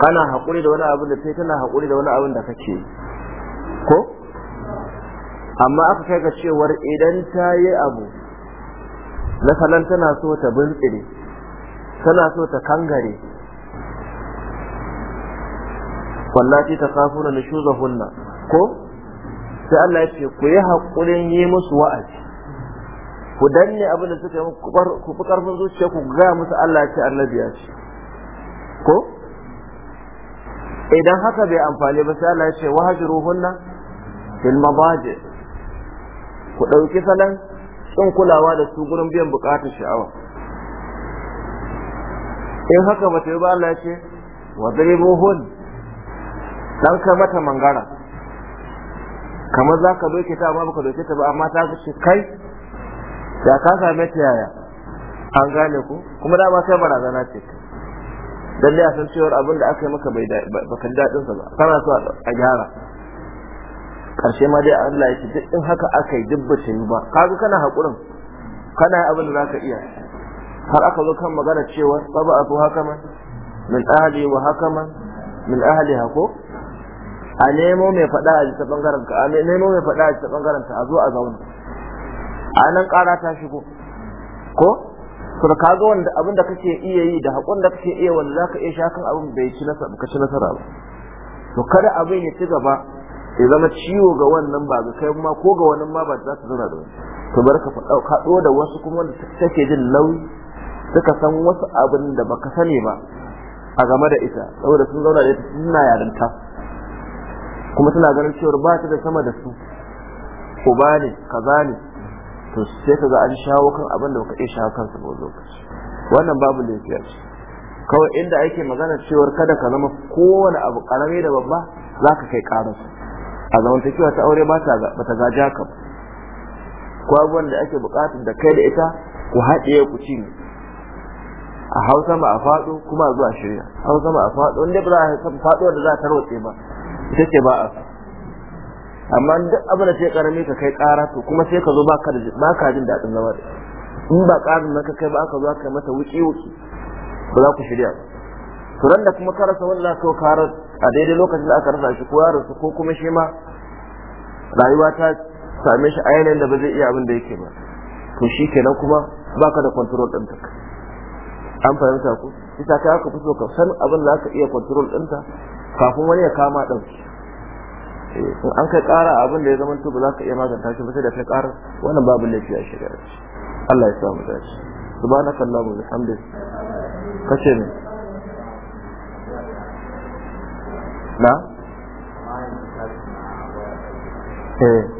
kana haƙuri da wani abin da sai tana haƙuri da wani abin da kake ko amma aka kai ga cewar idan ta yi abu na tana so ta bintsire tana so ta kangare wallahi ta kafuna nushuzahunna ko sai Allah ya ce ku yi haƙurin yi musu wa'azi ku danne abin da suka yi ku fi ƙarfin zuciya ku ga musu Allah ce annabi ya ce ko idan haka bai amfani ba sai Allah ya ce wa hajiru hunna fil mabaji ku ɗauki salon tsin kulawa da su gurin biyan buƙatar sha'awa in haka ba ta yi ba Allah ya ce wa daribuhun dan ka mata mangara kamar za ka doke ta amma baka doke ta ba amma ta ce kai da ka same ta yaya an gane ku kuma dama sai barazana ce dan dai a san cewar abin da aka yi maka bai ba kan dadin sa ba kana so a gyara karshe ma dai Allah ya duk in haka aka yi duk ta yi ba kaga kana hakurin kana abin da zaka iya har aka zo kan magana cewa babu abu hakaman min ahli wa hakaman min ahli ko a nemo mai faɗa a ta bangaren ka a nemo mai faɗa a ta bangaren ta a zo a zauna a nan ƙara ta shigo ko to da kaga wanda abin da kake iya yi da haƙon da kake iya wanda zaka iya sha kan abin bai ci nasara ka ci nasara ba to kada abin ya ci gaba ya zama ciwo ga wannan ba ga kai ma ko ga wannan ma ba za ta zauna da wani to bar ka faɗa da wasu kuma wanda take jin nauyi suka san wasu abin da baka sani ba a game da ita saboda sun zauna da ita suna yarinta kuma suna ganin cewa ba ta da sama da su uba ne kaza ne to sai ka ga an shawo kan abin da baka iya shawo kansa ba lokaci wannan babu laifiya ce kawai inda ake magana cewar kada ka zama kowane abu karami da babba za ka kai karansu a zamantakewa ta aure ba ta gaja ka ba ko abubuwan da ake bukatar da kai da ita ku haɗiye ku ci a hausa ma a faɗo kuma zuwa shirya hausa ma a faɗo inda ba za a faɗo da za a tarwatse ba ita ce ba a amma duk abin da sai karami ka kai kara to kuma sai ka zo ba ka jin daɗin zama da in ba karin na ka kai ba aka zo aka mata wuki wuki ba za ku shirya to ran da kuma karasa wannan so karar a daidai lokacin da aka rasa shi ko su ko kuma shi ma rayuwa ta same shi a yanayin da ba zai iya abin da yake ba to shi kenan kuma baka da control ɗin ta an fahimta ku ita ka ka fi so ka san abin da aka iya control ɗinta kafin wani ya kama ɗan eh, in an kai ƙara abin da ya zama ba za ka iya maganta shi ba sai da kai ƙara wannan babu laifi a shirya Allah ya samu dace subhanaka allahumma bihamdik kace ne na eh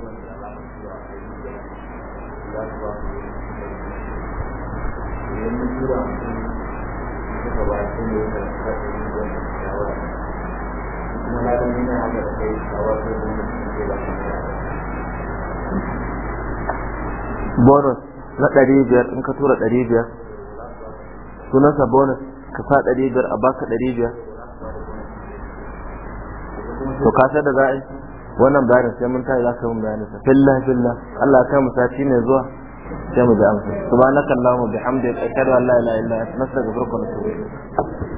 Thank you. bonus na ɗari biyar in ka tura ɗari biyar sunansa bonus ka sa ɗari biyar a baka ɗari biyar to ka da za a yi wannan bayanin sai mun tayi za ka yi bayanin sa fillah fillah Allah ka mu sati ne zuwa sai mu ji amsa subhanakallahumma bihamdika ashhadu an la ilaha illa anta astaghfiruka wa atubu ilayk